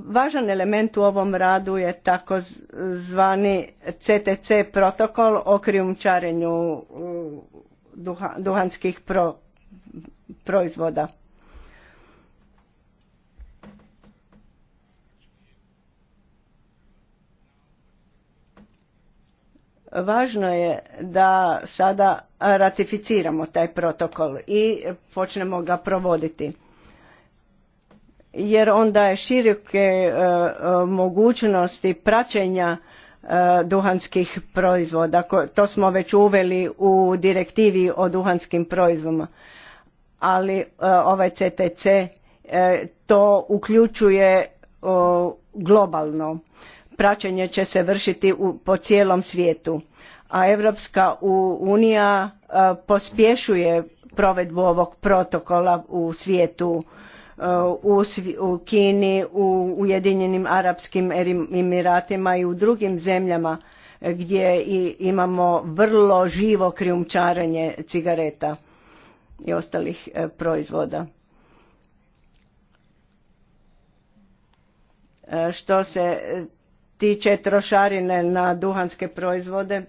važan element u ovom radu je takozvani CTC protokol o krijumčarenju duhanskih proizvoda. Važno je da sada ratificiramo taj protokol i počnemo ga provoditi. Jer on daje široke e, e, mogućnosti praćenja e, duhanskih proizvoda. To smo već uveli u direktivi o duhanskim proizvodima. Ali ovaj CTC to uključuje globalno Praćenje će se vršiti po cijelom svijetu, a Europska unija e, pospješuje provedbu ovog protokola u svijetu, e, u, Kini, u Ujedinjenim Arapskim Emiratima i u drugim zemljama e, gdje imamo vrlo živo krijumčarenje cigareta i ostalih proizvoda. Što se tiče trošarine na duhanske proizvode,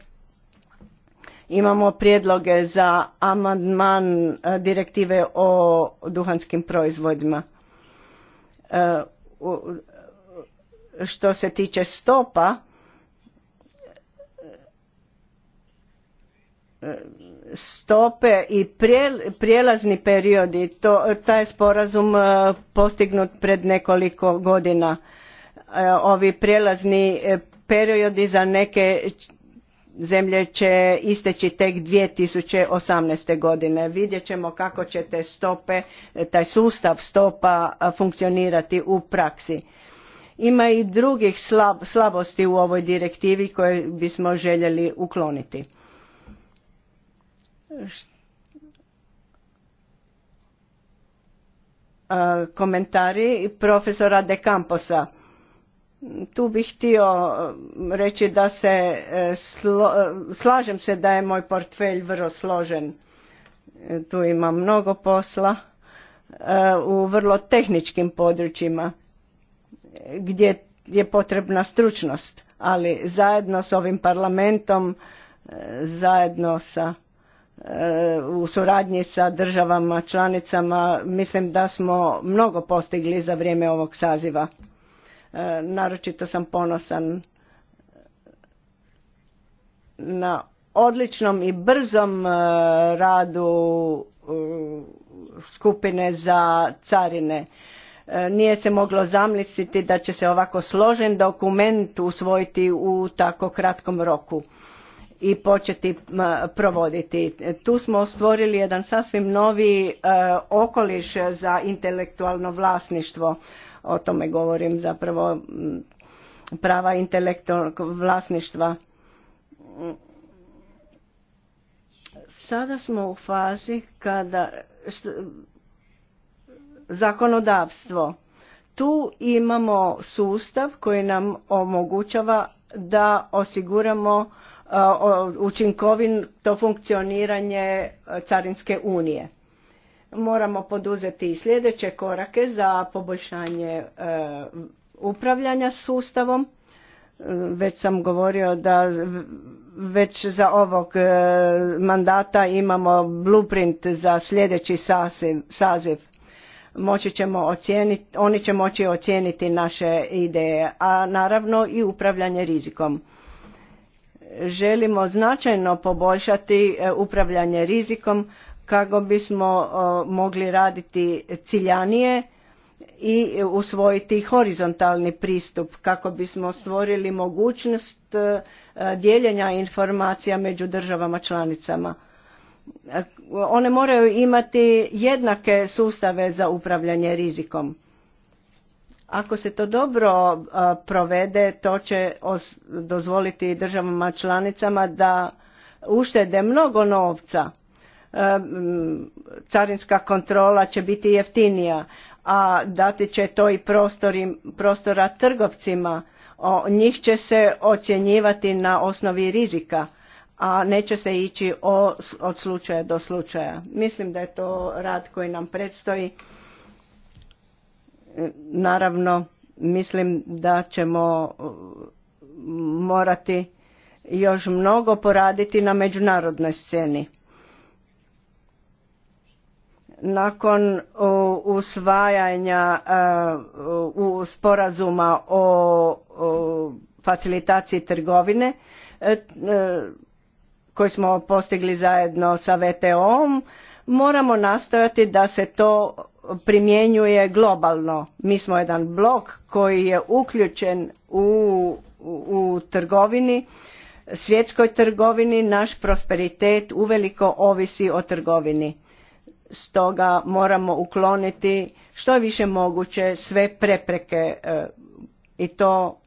imamo prijedloge za amandman e, direktive o duhanskim proizvodima. E, što se tiče stopa, e, stope i prijelazni periodi, to, taj sporazum postignut pred nekoliko godina E, ovi prijelazni e, periodi za neke zemlje će isteći tek 2018. godine. Vidjet ćemo kako će te stope, e, taj sustav stopa funkcionirati u praksi. Ima i drugih slabosti u ovoj direktivi koje bismo željeli ukloniti. Komentari profesora De Camposa tu bih htio eh, reći da se eh, eh, slažem se da je moj portfelj vrlo složen tu ima mnogo posla u vrlo tehničkim područjima gdje je potrebna stručnost ali zajedno s ovim parlamentom zajedno sa u suradnji sa državama članicama mislim da smo mnogo postigli za vrijeme ovog saziva naročito sam ponosan na odličnom i brzom e, radu e, skupine za carine. E, nije se moglo zamisliti da će se ovako složen dokument usvojiti u tako kratkom roku i početi provoditi. Tu smo stvorili jedan sasvim novi okoliš za intelektualno vlasništvo o tome govorim zapravo prava intelektualnog vlasništva. Sada smo u fazi kada zakonodavstvo. Tu imamo sustav koji nam omogućava da osiguramo e, učinkovito funkcioniranje e, Carinske unije moramo poduzeti i sljedeće korake za poboljšanje e, upravljanja sustavom e, već sam govorio da već za ovog e, mandata imamo blueprint za sljedeći saziv. Moći ćemo ocijeniti, oni će moći ocijeniti naše ideje, a naravno i upravljanje rizikom. Želimo značajno poboljšati upravljanje rizikom kako bismo mogli raditi ciljanije i usvojiti horizontalni pristup kako bismo stvorili mogućnost e, dijeljenja informacija među državama članicama. One moraju imati jednake sustave za upravljanje rizikom. Ako se to dobro e, provede, to će dozvoliti državama članicama da uštede mnogo novca carinska kontrola će biti jeftinija, a dati će to i prostora trgovcima. O, njih će se ocjenjivati na osnovi rizika, a neće se ići od slučaja do slučaja. Mislim da je to rad koji nam predstoji. E, naravno, mislim da ćemo e, morati još mnogo poraditi na međunarodnoj sceni nakon uh, usvajanja uh, u sporazuma o facilitaciji trgovine uh, koji smo postigli zajedno sa VTO-om, moramo nastojati da se to primjenjuje globalno. Mi smo jedan blok koji je uključen u, u, u trgovini, svjetskoj trgovini, naš prosperitet uveliko ovisi o trgovini Stoga moramo ukloniti što je više moguće sve prepreke e, i to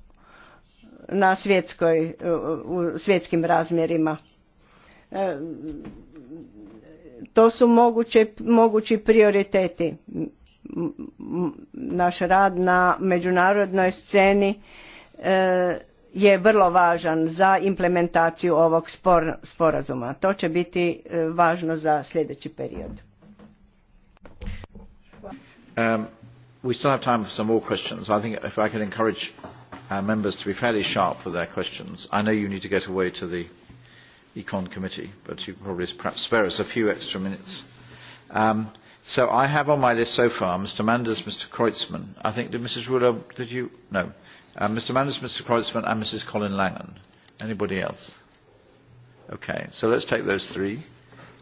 na svjetskoj, e, u svjetskim razmjerima. E, to su mogući prioriteti. Naš rad na međunarodnoj sceni je vrlo važan za implementaciju ovog sporazuma. To će biti važno za sljedeći period. Um, we still have time for some more questions. I think if I could encourage our uh, members to be fairly sharp with their questions. I know you need to get away to the Econ Committee, but you can probably perhaps spare us a few extra minutes. Um, so I have on my list so far Mr. Manders, Mr. Kreutzmann. I think, did Mrs. Ruler, did you? No. Uh, Mr. Manders, Mr. Kreutzmann, and Mrs. Colin Langan. Anybody else? Okay, so let's take those three.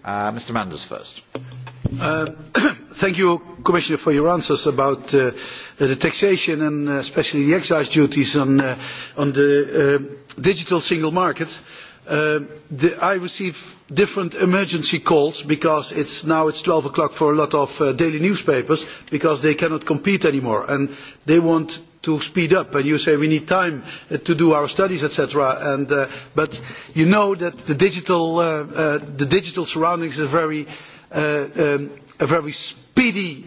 Uh, Mr. Manders first. Uh, [COUGHS] thank you, Commissioner, for your answers about uh, the taxation and especially the excise duties on, the digital single market. I receive different emergency calls because is now twelve o'clock for a lot of daily newspapers because they cannot compete anymore and they want to speed up and you say we need time uh, to do our studies etc. Uh, but you know that the digital, uh, the digital surroundings are very, um, a very speedy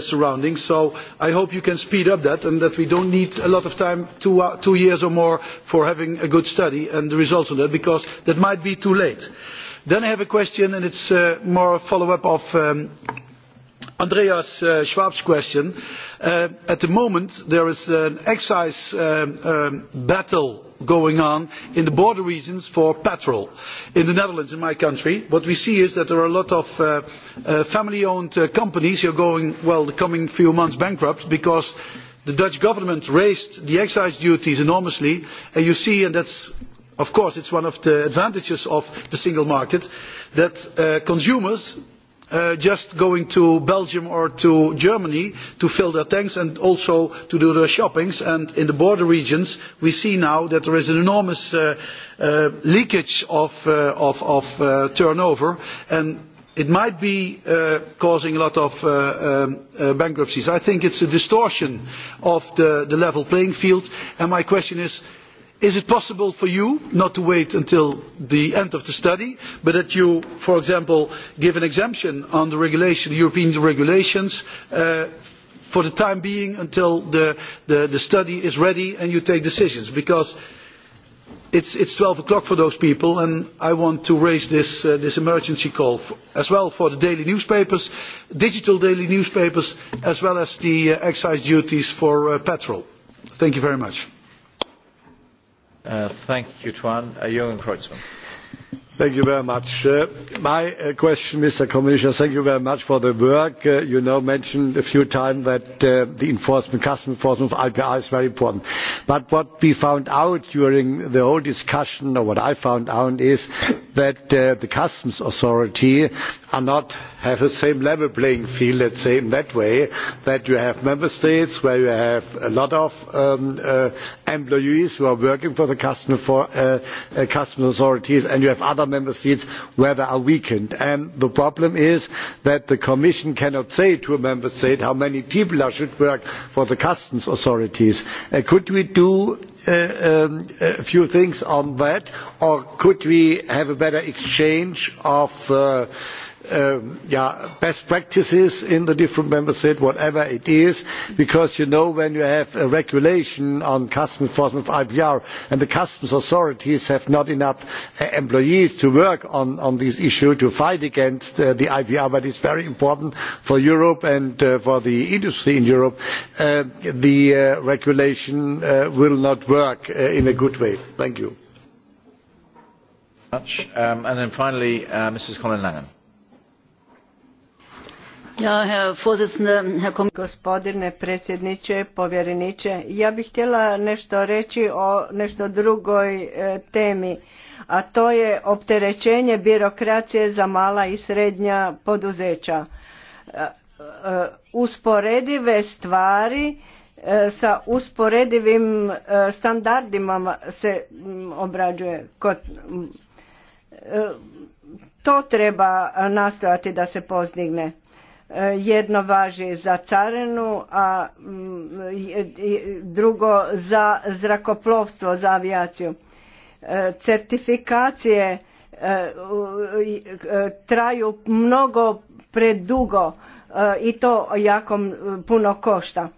surrounding so I hope you can speed up that and that we don't need a lot of time two, years or more for having a good study and the results of that because that might be too late. Then I have a question and it's more a follow up of um, Andreas Schwab's question Uh, at the moment there is an excise um, um, battle going on in the border regions for petrol. in the netherlands in my country what we see is that there are a lot of uh, uh, family owned companies who are going well the coming few months bankrupt because the dutch government raised the excise duties enormously and you see and that's of course it's one of the advantages of the single market that consumers Uh, just going to belgium or to germany to fill their tanks and also to do their shoppings and in the border regions we see now that there is an enormous uh, uh, leakage of, turnover and it might be causing a lot of um, bankruptcies. i think it is a distortion of the level playing field and my question is is it possible for you not to wait until the end of the study but that you for example give an exemption on the regulation the european regulations uh, for the time being until the, study is ready and you take decisions because it's is 12 o'clock for those people and i want to raise this uh, emergency call as well for the daily newspapers digital daily newspapers as well as the uh, excise duties for petrol thank you very much Uh, thank you, Tuan. Jürgen Kreuzmann. Thank you very much. Uh, my uh, question, Mr. Commissioner, thank you very much for the work. Uh, you now mentioned a few times that the enforcement, custom enforcement of IPR is very important. But what we found out during the whole discussion, or what I found out, is that the customs authority are not have the same level playing field, let's say, in that way, that you have member states where you have a lot of um, employees who are working for the customs customs authorities, and you have other some member states whether are weakened. And the problem is that the commission cannot say to a member state how many people should work for the customs authorities. Uh, could we do uh, um, a few things on that or could we have a better exchange of uh, Um, best practices in the different member states whatever it is because you know when you have a regulation on customs enforcement of ipr and the customs authorities have not enough uh, employees to work on, this issue to fight against uh, the ipr but it is very important for europe and uh, for the industry in europe the regulation will not work in a good way. thank you. Um, and finally, Mrs. Colin Langan. Gospodine predsjedniče, povjereniče, ja bih htjela nešto reći o nešto drugoj e, temi, a to je opterećenje birokracije za mala i srednja poduzeća. E, e, usporedive stvari sa usporedivim standardima se obrađuje to treba nastojati da se postigne jedno važi za carinu, a mm, drugo za zrakoplovstvo, za avijaciju. E, certifikacije e, e, traju mnogo predugo i to jako puno košta.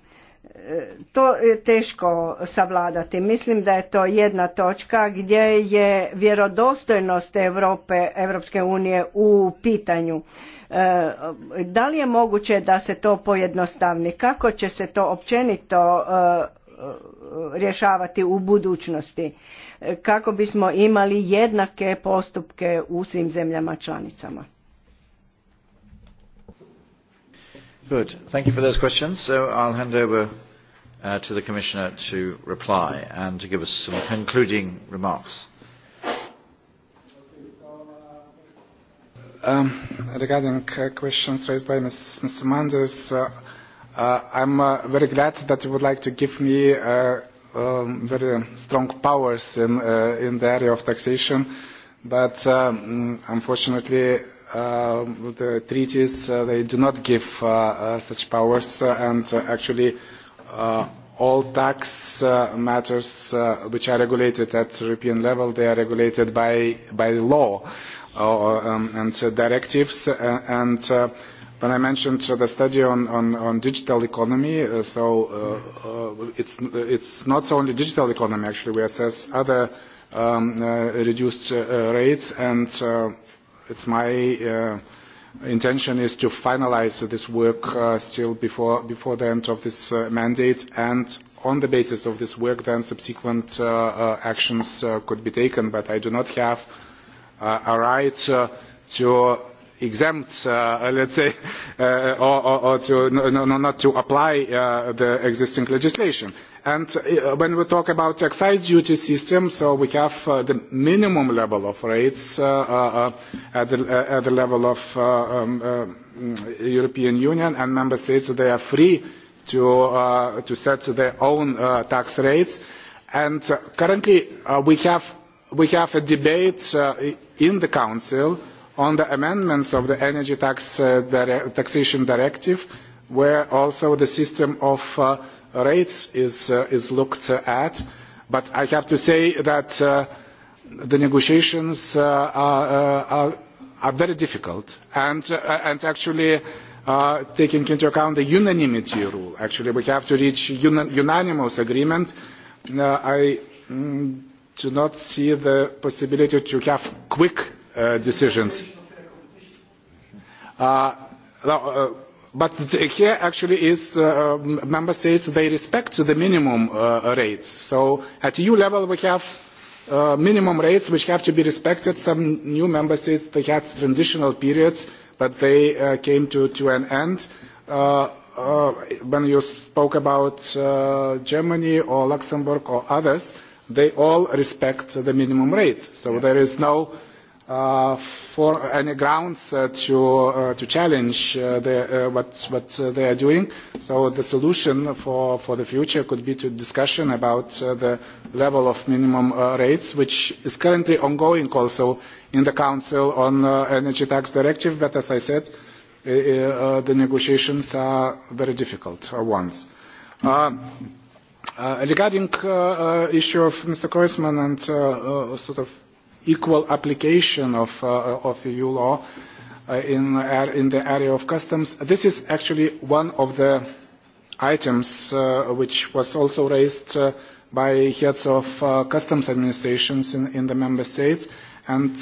To je teško savladati. Mislim da je to jedna točka gdje je vjerodostojnost Europe, Europske unije u pitanju da li je moguće da se to pojednostavni? Kako će se to općenito e, rješavati u budućnosti? Kako bismo imali jednake postupke u svim zemljama članicama? Good. Thank you for those questions. So I'll hand over uh, to the Commissioner to reply and to give us some concluding remarks. Um, regarding uh, questions raised by Ms. Mr. Manders, uh, uh, I'm uh, very glad that you would like to give me uh, um, very strong powers in, uh, in the area of taxation, but um, unfortunately uh, the treaties, uh, they do not give uh, uh, such powers uh, and uh, actually uh, all tax uh, matters uh, which are regulated at European level, they are regulated by, by law. Um, and uh, directives uh, and uh, when I mentioned the study on, on, on digital economy, uh, so uh, it's, it's not only digital economy, actually. We assess other um, uh, reduced uh, rates, and uh, it's my uh, intention is to finalize this work uh, still before, before the end of this uh, mandate, and on the basis of this work, then subsequent uh, uh, actions uh, could be taken, but I do not have Uh, a right uh, to exempt uh, let's say or, not to apply the existing legislation. And when we talk about excise duty system, so we have the minimum level of rates at, the, level of um, mm, European Union and member states, they are free to, to set their own tax rates. And currently we have we have a debate uh, in the council on the amendments of the energy tax uh, taxation directive where also the system of uh, rates is, is looked at but i have to say that the negotiations are, are, very difficult and, and actually taking into account the unanimity rule. Actually, we have to reach unanimous agreement. I mm, do not see the possibility to have quick uh, decisions. Uh, uh, but here actually is uh, member states they respect the minimum uh, rates. So at EU level we have Uh, minimum rates which have to be respected. Some new Member States they had transitional periods, but they uh, came to, to an end. Uh, uh when you spoke about Germany or Luxembourg or others, they all respect the minimum rate so there is no uh, for any grounds uh, to uh, to challenge uh, the, uh, what what uh, they are doing so the solution for for the future could be to discussion about the level of minimum rates which is currently ongoing also in the council on energy tax directive but as i said eh, eh, the negotiations are very difficult ones Uh, regarding the uh, uh, issue of Mr. Kreuzmann and sort of equal application of, EU law in, the area of customs, this is actually one of the items which was also raised by heads of customs administrations in, the member states and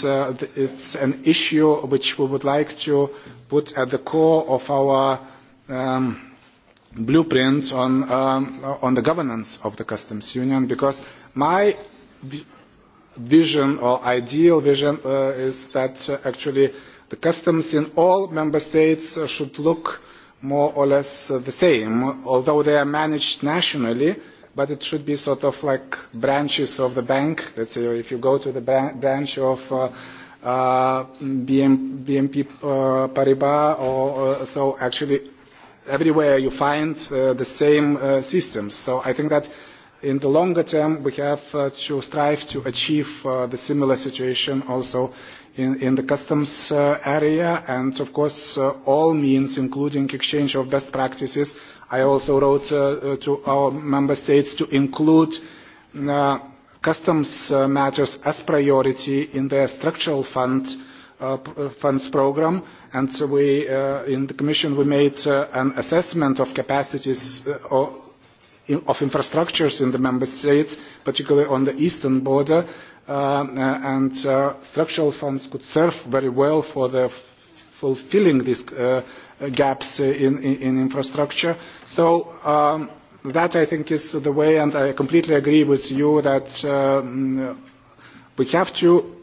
it's an issue which we would like to put at the core of our um, blueprint on, um, on the governance of the customs union because my vision or ideal vision uh, is that uh, actually the customs in all member states uh, should look more or less uh, the same although they are managed nationally but it should be sort of like branches of the bank let's say if you go to the branch of uh, uh, BM, BMP Paribas or so actually everywhere you find uh, the same uh, systems. So I think that in the longer term we have uh, to strive to achieve the similar situation also in, in the customs area and of course all means including exchange of best practices. I also wrote to our member states to include customs matters as priority in their structural fund Uh, uh, funds programme and so we uh, in the commission we made an assessment of capacities or of infrastructures in the member states particularly on the eastern border uh, and uh, structural funds could serve very well for the fulfilling these uh, gaps in, in infrastructure so um, that i think is the way and i completely agree with you that um, we have to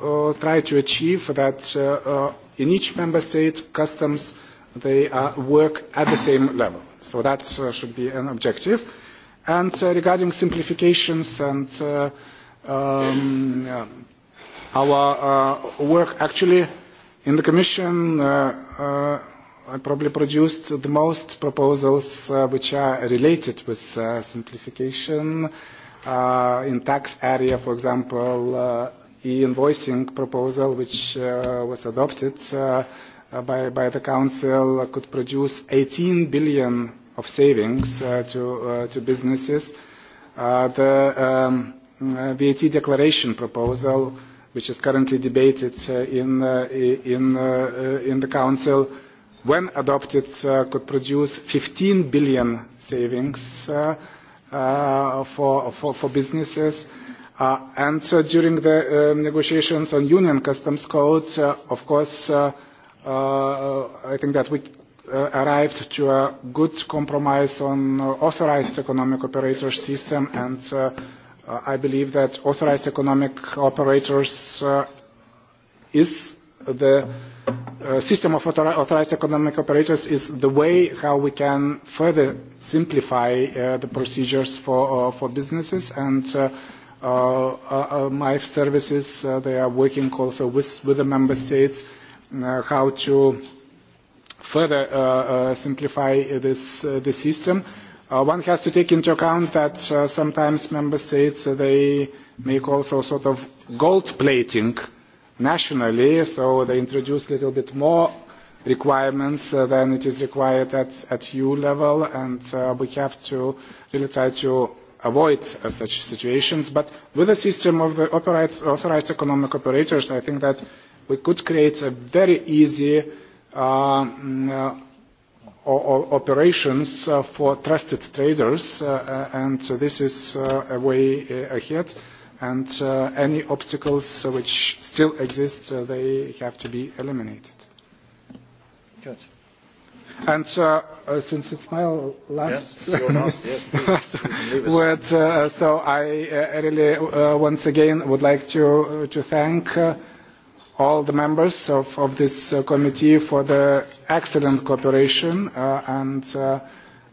uh, try to achieve that uh, uh, in each member state customs they uh, work at the same level. So that uh, should be an objective. And regarding simplifications and um, yeah, our work actually in the Commission i probably produced the most proposals uh, which are related with uh, simplification uh, in tax area, for example, e-invoicing proposal which uh, was adopted uh, by, by the Council could produce 18 billion of savings uh, to, uh, to businesses. Uh, the um, uh, VAT declaration proposal, which is currently debated in, in, in the Council, when adopted could produce 15 billion savings for, for, for businesses Uh, and uh, during the uh, negotiations on union customs code, uh, of course, uh, I think that we arrived to a good compromise on authorized economic operators system, and I believe that authorized economic operators is the system of authorized economic operators is the way how we can further simplify the procedures for, for businesses and Uh, uh, uh, my services. Uh, they are working also with, with the member states how to further simplify this, this system. one has to take into account that sometimes member states they make also sort of gold plating nationally so they introduce a little bit more requirements than it is required at, at eu level and we have to really try to avoid uh, such situations. But with a system of the authorized economic operators, I think that we could create a very easy uh, mm, uh, operations uh, for trusted traders, uh, uh, and this is a way ahead. And any obstacles which still exist, they have to be eliminated. Good. And uh, uh, since it's my last, yes, last, yes, [LAUGHS] word, uh, so I uh, really uh, once again would like to uh, to thank uh, all the members of, of this uh, committee for the excellent cooperation uh, and uh,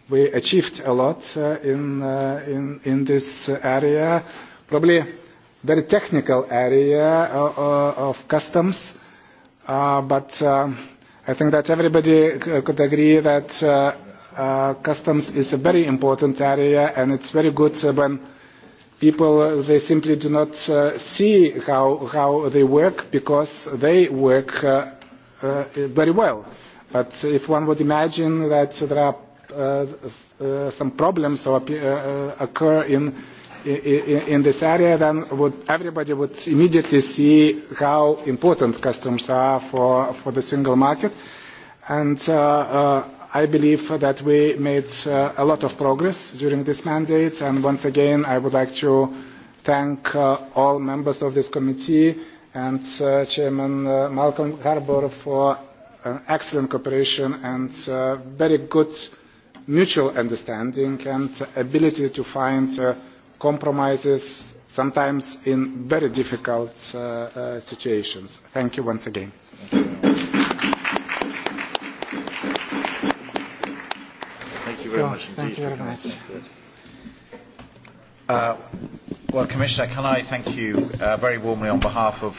we achieved a lot uh, in, uh, in, in this area, probably very technical area uh, uh of customs, uh, but um, i think that everybody could agree that uh, uh, customs is a very important area and it's very good when people they simply do not uh, see how, how they work because they work uh, uh, very well. But if one would imagine that there are uh, some problems occur in in this area, then would, everybody would immediately see how important customs are for, for the single market. And uh, uh, I believe that we made uh, a lot of progress during this mandate. And once again, I would like to thank uh, all members of this committee and uh, Chairman uh, Malcolm Harbour for an excellent cooperation and very good mutual understanding and ability to find compromises sometimes in very difficult uh, uh, situations. Thank you once again. Thank you very much Thank you very much. Uh, well, Commissioner, can I thank you uh, very warmly on behalf of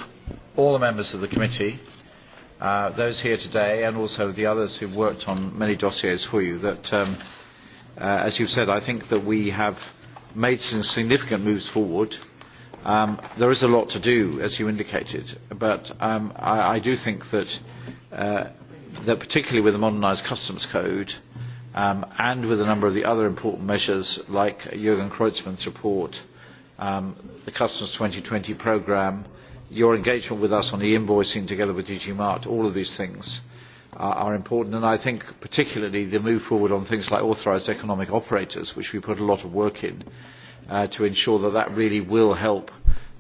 all the members of the committee, uh, those here today, and also the others who have worked on many dossiers for you, that, um, uh, as you've said, I think that we have – made some significant moves forward. Um, there is a lot to do, as you indicated, but um, I, I do think that, uh, that particularly with the modernised customs code um, and with a number of the other important measures like Jürgen Kreutzmann's report, um, the Customs 2020 programme, your engagement with us on e-invoicing together with DG Mart, all of these things – are important and I think particularly the move forward on things like authorised economic operators which we put a lot of work in uh, to ensure that that really will help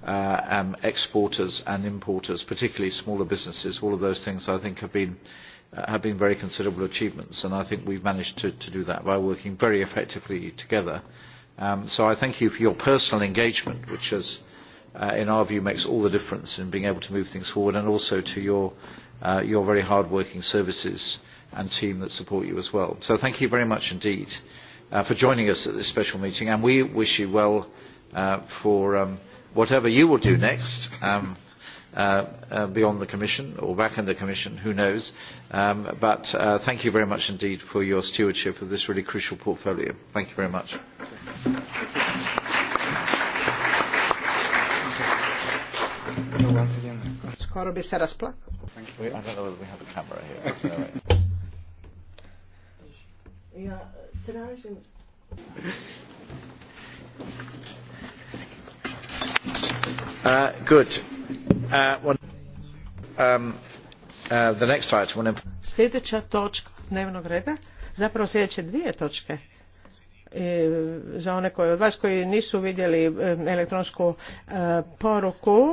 uh, um, exporters and importers particularly smaller businesses all of those things I think have been uh, have been very considerable achievements and I think we've managed to, to do that by working very effectively together um, so I thank you for your personal engagement which has uh, in our view makes all the difference in being able to move things forward and also to your uh, your very hard-working services and team that support you as well. So thank you very much indeed uh, for joining us at this special meeting, and we wish you well uh, for um, whatever you will do next. Um, uh, beyond the Commission or back in the Commission, who knows. Um, but thank you very much indeed for your stewardship of this really crucial portfolio. Thank you very much. Skoro bi se rasplakao. [LAUGHS] Sljedeća točka dnevnog reda, zapravo sljedeće dvije točke E, za one koji od vas koji nisu vidjeli e, elektronsku e, poruku,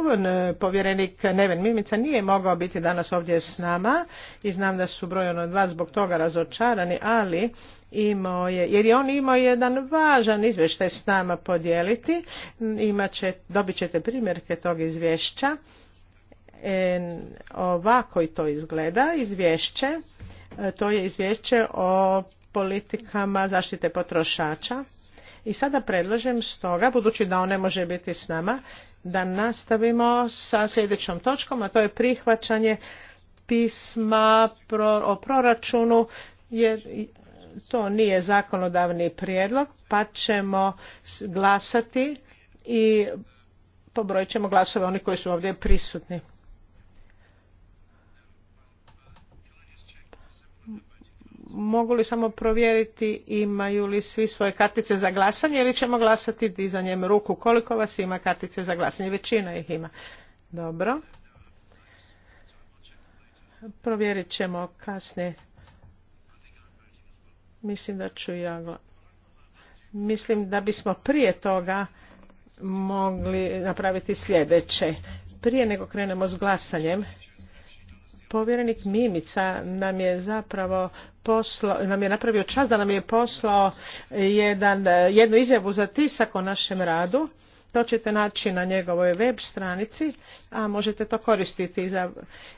povjerenik Neven Mimica nije mogao biti danas ovdje s nama i znam da su brojno od vas zbog toga razočarani, ali imao je, jer je on imao jedan važan izvještaj s nama podijeliti, Imaće, dobit ćete primjerke tog izvješća. ovako i to izgleda izvješće to je izvješće o politikama zaštite potrošača. I sada predlažem stoga, budući da on ne može biti s nama, da nastavimo sa sljedećom točkom, a to je prihvaćanje pisma pro, o proračunu. Jer to nije zakonodavni prijedlog, pa ćemo glasati i pobrojit ćemo glasove oni koji su ovdje prisutni. mogu li samo provjeriti imaju li svi svoje kartice za glasanje ili ćemo glasati dizanjem ruku koliko vas ima kartice za glasanje većina ih ima dobro provjerit ćemo kasnije mislim da ću ja mislim da bismo prije toga mogli napraviti sljedeće prije nego krenemo s glasanjem Povjerenik Mimica nam je zapravo poslao, nam je napravio čas da nam je poslao jedan, jednu izjavu za tisak o našem radu. To ćete naći na njegovoj web stranici, a možete to koristiti i za,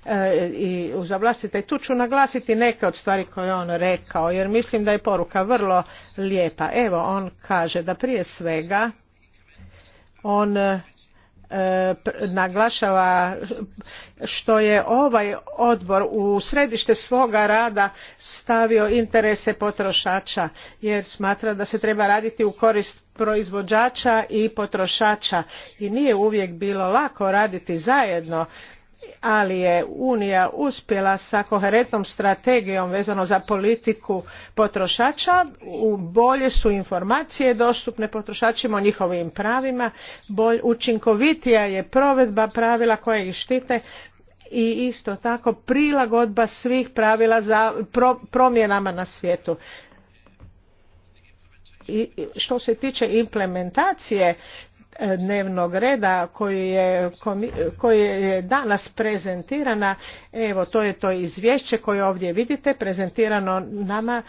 e, i za vlastite. tu ću naglasiti neke od stvari koje on rekao, jer mislim da je poruka vrlo lijepa. Evo, on kaže da prije svega on E, naglašava što je ovaj odbor u središte svoga rada stavio interese potrošača jer smatra da se treba raditi u korist proizvođača i potrošača i nije uvijek bilo lako raditi zajedno ali je Unija uspjela sa koherentnom strategijom vezano za politiku potrošača, bolje su informacije dostupne potrošačima o njihovim pravima, učinkovitija je provedba pravila koja ih štite i isto tako prilagodba svih pravila za promjenama na svijetu. što se tiče implementacije dnevnog reda koji je, danas prezentirana, evo to je to izvješće koje ovdje vidite prezentirano nama,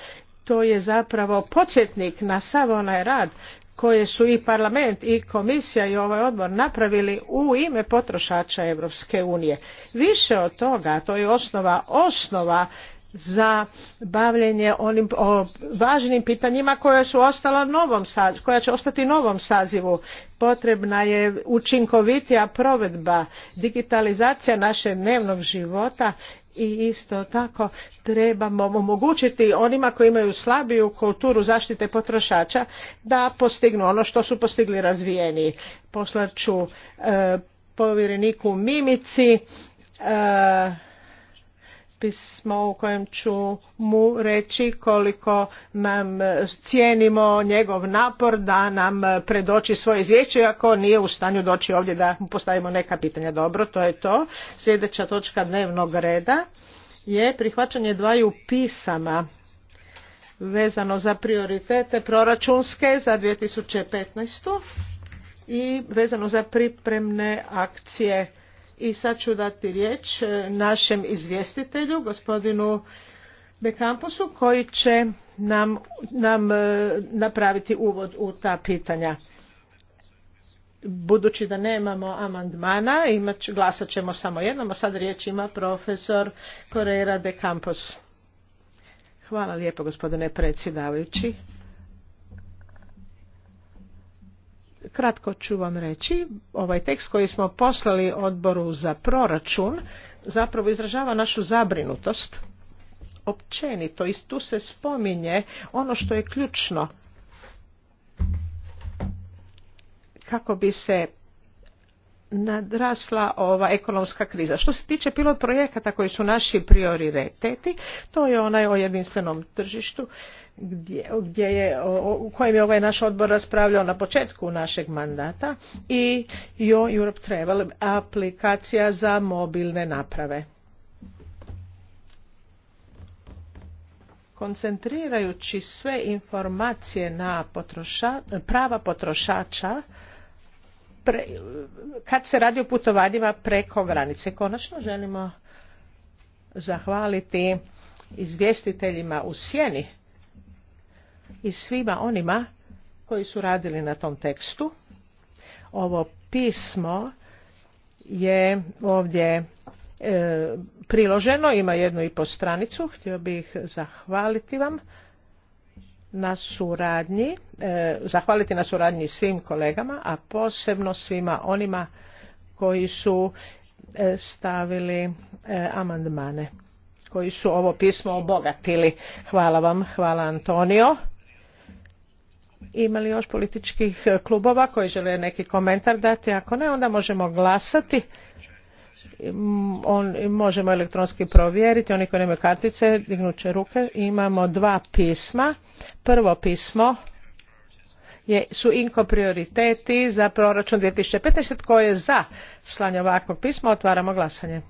to je zapravo podsjetnik na sav onaj rad koje su i parlament i komisija i ovaj odbor napravili u ime potrošača Europske unije. Više od toga, to je osnova, osnova za bavljenje onim o važnim pitanjima koja su ostala novom koja će ostati novom sazivu potrebna je učinkovitija provedba digitalizacija našeg dnevnog života i isto tako trebamo omogućiti onima koji imaju slabiju kulturu zaštite potrošača da postignu ono što su postigli razvijeni. poslat ću e, povjereniku mimici e, pismo u kojem ću mu reći koliko nam cijenimo njegov napor da nam predoči svoje izvješće ako nije u stanju doći ovdje da mu postavimo neka pitanja. Dobro, to je to. Sljedeća točka dnevnog reda je prihvaćanje dvaju pisama vezano za prioritete proračunske za 2015. i vezano za pripremne akcije i sad ću dati riječ e, našem izvjestitelju, gospodinu Bekampusu, koji će nam, nam e, napraviti uvod u ta pitanja. Budući da nemamo amandmana, imać, glasat ćemo samo jednom, a sad riječ ima profesor Correira de Campos. Hvala lijepo gospodine predsjedavajući. kratko ću vam reći, ovaj tekst koji smo poslali odboru za proračun zapravo izražava našu zabrinutost općenito i tu se spominje ono što je ključno kako bi se nadrasla ova ekonomska kriza. Što se tiče pilot projekata koji su naši prioriteti, to je onaj o jedinstvenom tržištu gdje, je, u kojem je ovaj naš odbor raspravljao na početku našeg mandata i jo Europe Travel aplikacija za mobilne naprave. Koncentrirajući sve informacije na prava potrošača, kad se radi o putovanjima preko granice. Konačno želimo zahvaliti izvjestiteljima u sjeni i svima onima koji su radili na tom tekstu. Ovo pismo je ovdje e, priloženo, ima jednu i po stranicu. Htio bih zahvaliti vam na suradnji, e, zahvaliti na suradnji svim kolegama, a posebno svima onima koji su e, stavili amandmane koji su ovo pismo obogatili. Hvala vam, hvala Antonio. Ima li još političkih klubova koji žele neki komentar dati? Ako ne, onda možemo glasati. On, možemo elektronski provjeriti. Oni koji nemaju kartice, dignuće ruke. Imamo dva pisma. Prvo pismo je, su inko prioriteti za proračun 2015. Tko je za slanje ovakvog pisma? Otvaramo glasanje.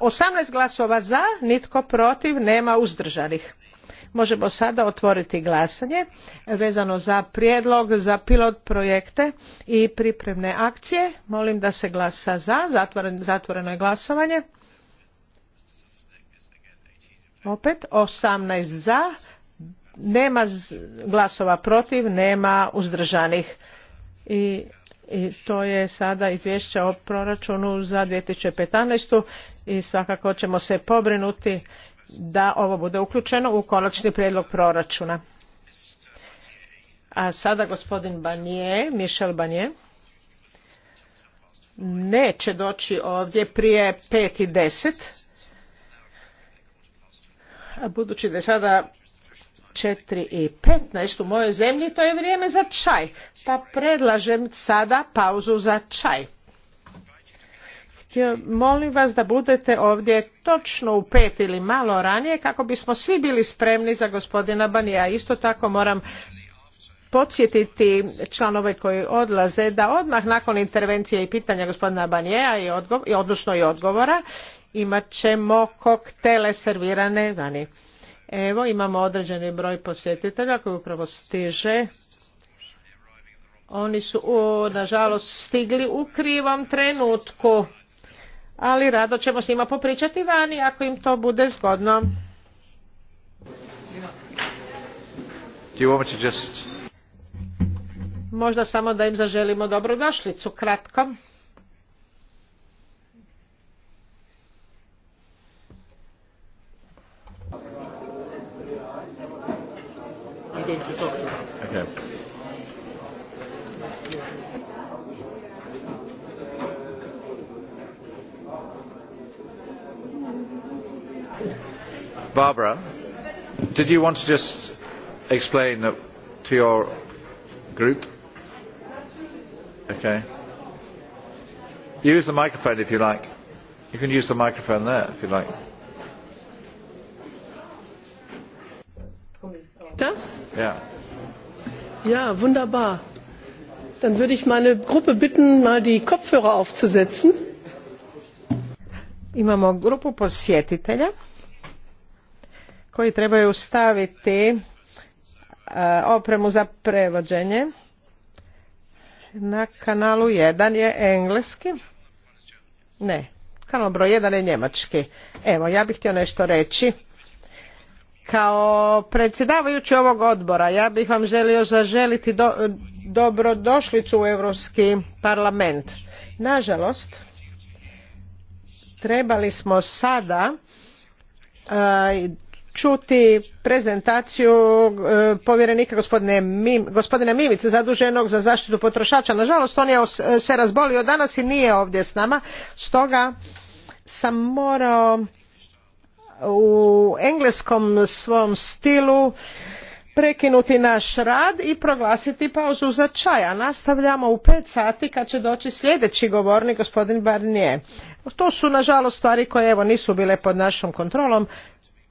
osamnaest glasova za nitko protiv nema uzdržanih možemo sada otvoriti glasanje vezano za prijedlog za pilot projekte i pripremne akcije molim da se glasa za zatvoreno je glasovanje opet 18 za, nema glasova protiv, nema uzdržanih. I, to je sada izvješće o proračunu za 2015. i svakako ćemo se pobrinuti da ovo bude uključeno u konačni prijedlog proračuna. A sada gospodin Banje, Michel Banje, neće doći ovdje prije 5 i budući da je sada 4 i 15 u mojoj zemlji, to je vrijeme za čaj. Pa predlažem sada pauzu za čaj. Molim vas da budete ovdje točno u pet ili malo ranije kako bismo svi bili spremni za gospodina Banija. Isto tako moram podsjetiti članove koji odlaze da odmah nakon intervencije i pitanja gospodina banija i odnosno i odgovora imat ćemo koktele servirane vani. Evo imamo određeni broj posjetitelja koji upravo stiže. Oni su nažalost stigli u krivom trenutku, ali rado ćemo s njima popričati vani ako im to bude zgodno. Možda samo da im zaželimo dobrodošlicu kratko. Okay. Barbara, did you want to just explain to your group? Okay. Use the microphone if you like. You can use the microphone there if you like. Ja. ja, wunderbar. Dann würde ich meine Gruppe bitten, mal die Kopfhörer aufzusetzen. Imamo grupu posjetitelja koji trebaju staviti e, opremu za prevođenje. Na kanalu 1 je engleski. Ne, kanal broj 1 je njemački. Evo, ja bih htio nešto reći kao predsjedavajući ovog odbora ja bih vam želio zaželiti do, dobrodošlicu u europski parlament nažalost trebali smo sada e, čuti prezentaciju e, povjerenika gospodine Mim, gospodina Mimice zaduženog za zaštitu potrošača nažalost on je se razbolio danas i nije ovdje s nama stoga sam morao u engleskom svom stilu prekinuti naš rad i proglasiti pauzu za nastavljamo u pet sati kad će doći sljedeći govornik gospodin barnier to su nažalost stvari koje evo nisu bile pod našom kontrolom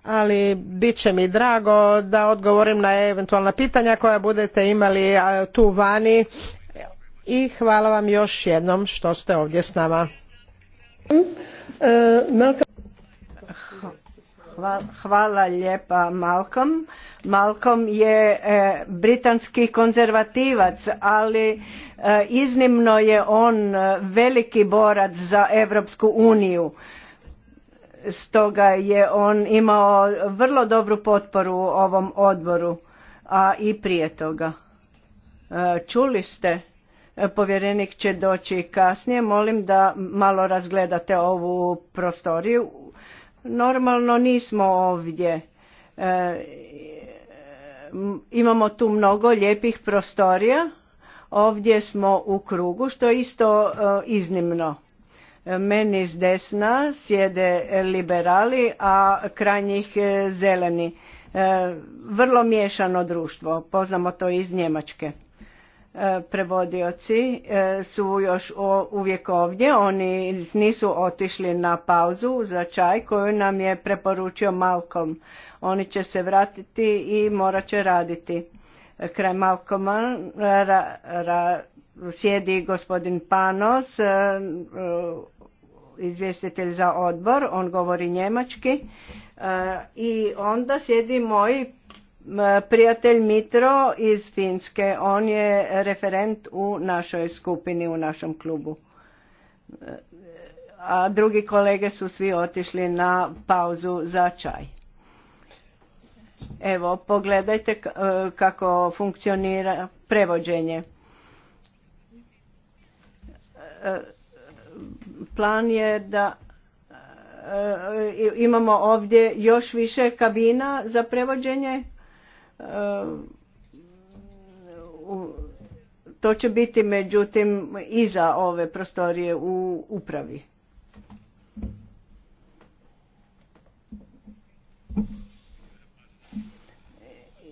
ali bit će mi drago da odgovorim na eventualna pitanja koja budete imali tu vani i hvala vam još jednom što ste ovdje s nama uh, Hvala, lijepa Malkom. Malcolm je e, britanski konzervativac, ali e, iznimno je on e, veliki borac za Europsku uniju. Stoga je on imao vrlo dobru potporu u ovom odboru, a i prije toga. čuli ste, povjerenik će doći kasnije, molim da malo razgledate ovu prostoriju Normalno nismo ovdje. E, imamo tu mnogo lijepih prostorija. Ovdje smo u krugu, što je isto e, iznimno. E, meni s desna sjede liberali, a krajnjih zeleni. Vrlo miješano društvo, poznamo to iz Njemačke. E, prevodioci e, su još uvijek ovdje, oni nisu otišli na pauzu za čaj koju nam je preporučio Malcolm. Oni će se vratiti i morat će raditi. Kraj Malcoma sjedi gospodin Panos, e, izvjestitelj za odbor, on govori njemački i onda sjedi moj prijatelj Mitro iz Finske, on je referent u našoj skupini, u našem klubu. A drugi kolege su svi otišli na pauzu za čaj. Evo, pogledajte e, kako funkcionira prevođenje. E, plan je da e, imamo ovdje još više kabina za prevođenje to će biti međutim iza ove prostorije u upravi.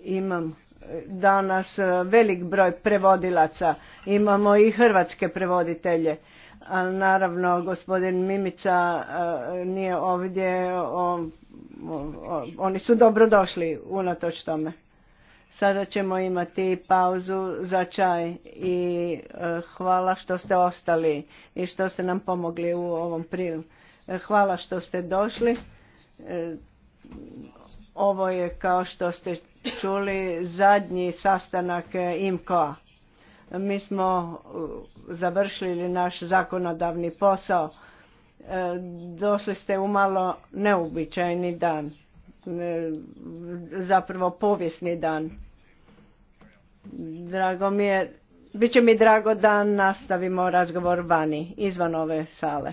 Imam e, danas e, velik broj prevodilaca. Imamo i hrvatske prevoditelje. ali naravno, gospodin Mimica e, nije ovdje. oni su dobro došli unatoč tome. Sada ćemo imati pauzu za čaj i e, hvala što ste ostali i što ste nam pomogli u ovom prilu. E, hvala što ste došli. E, ovo je kao što ste čuli zadnji sastanak IMKO-a. Mi smo završili naš zakonodavni posao. Došli ste u malo neubičajni dan. E, zapravo povijesni dan. Drago mi je, bit će mi drago da nastavimo razgovor vani, izvan ove sale.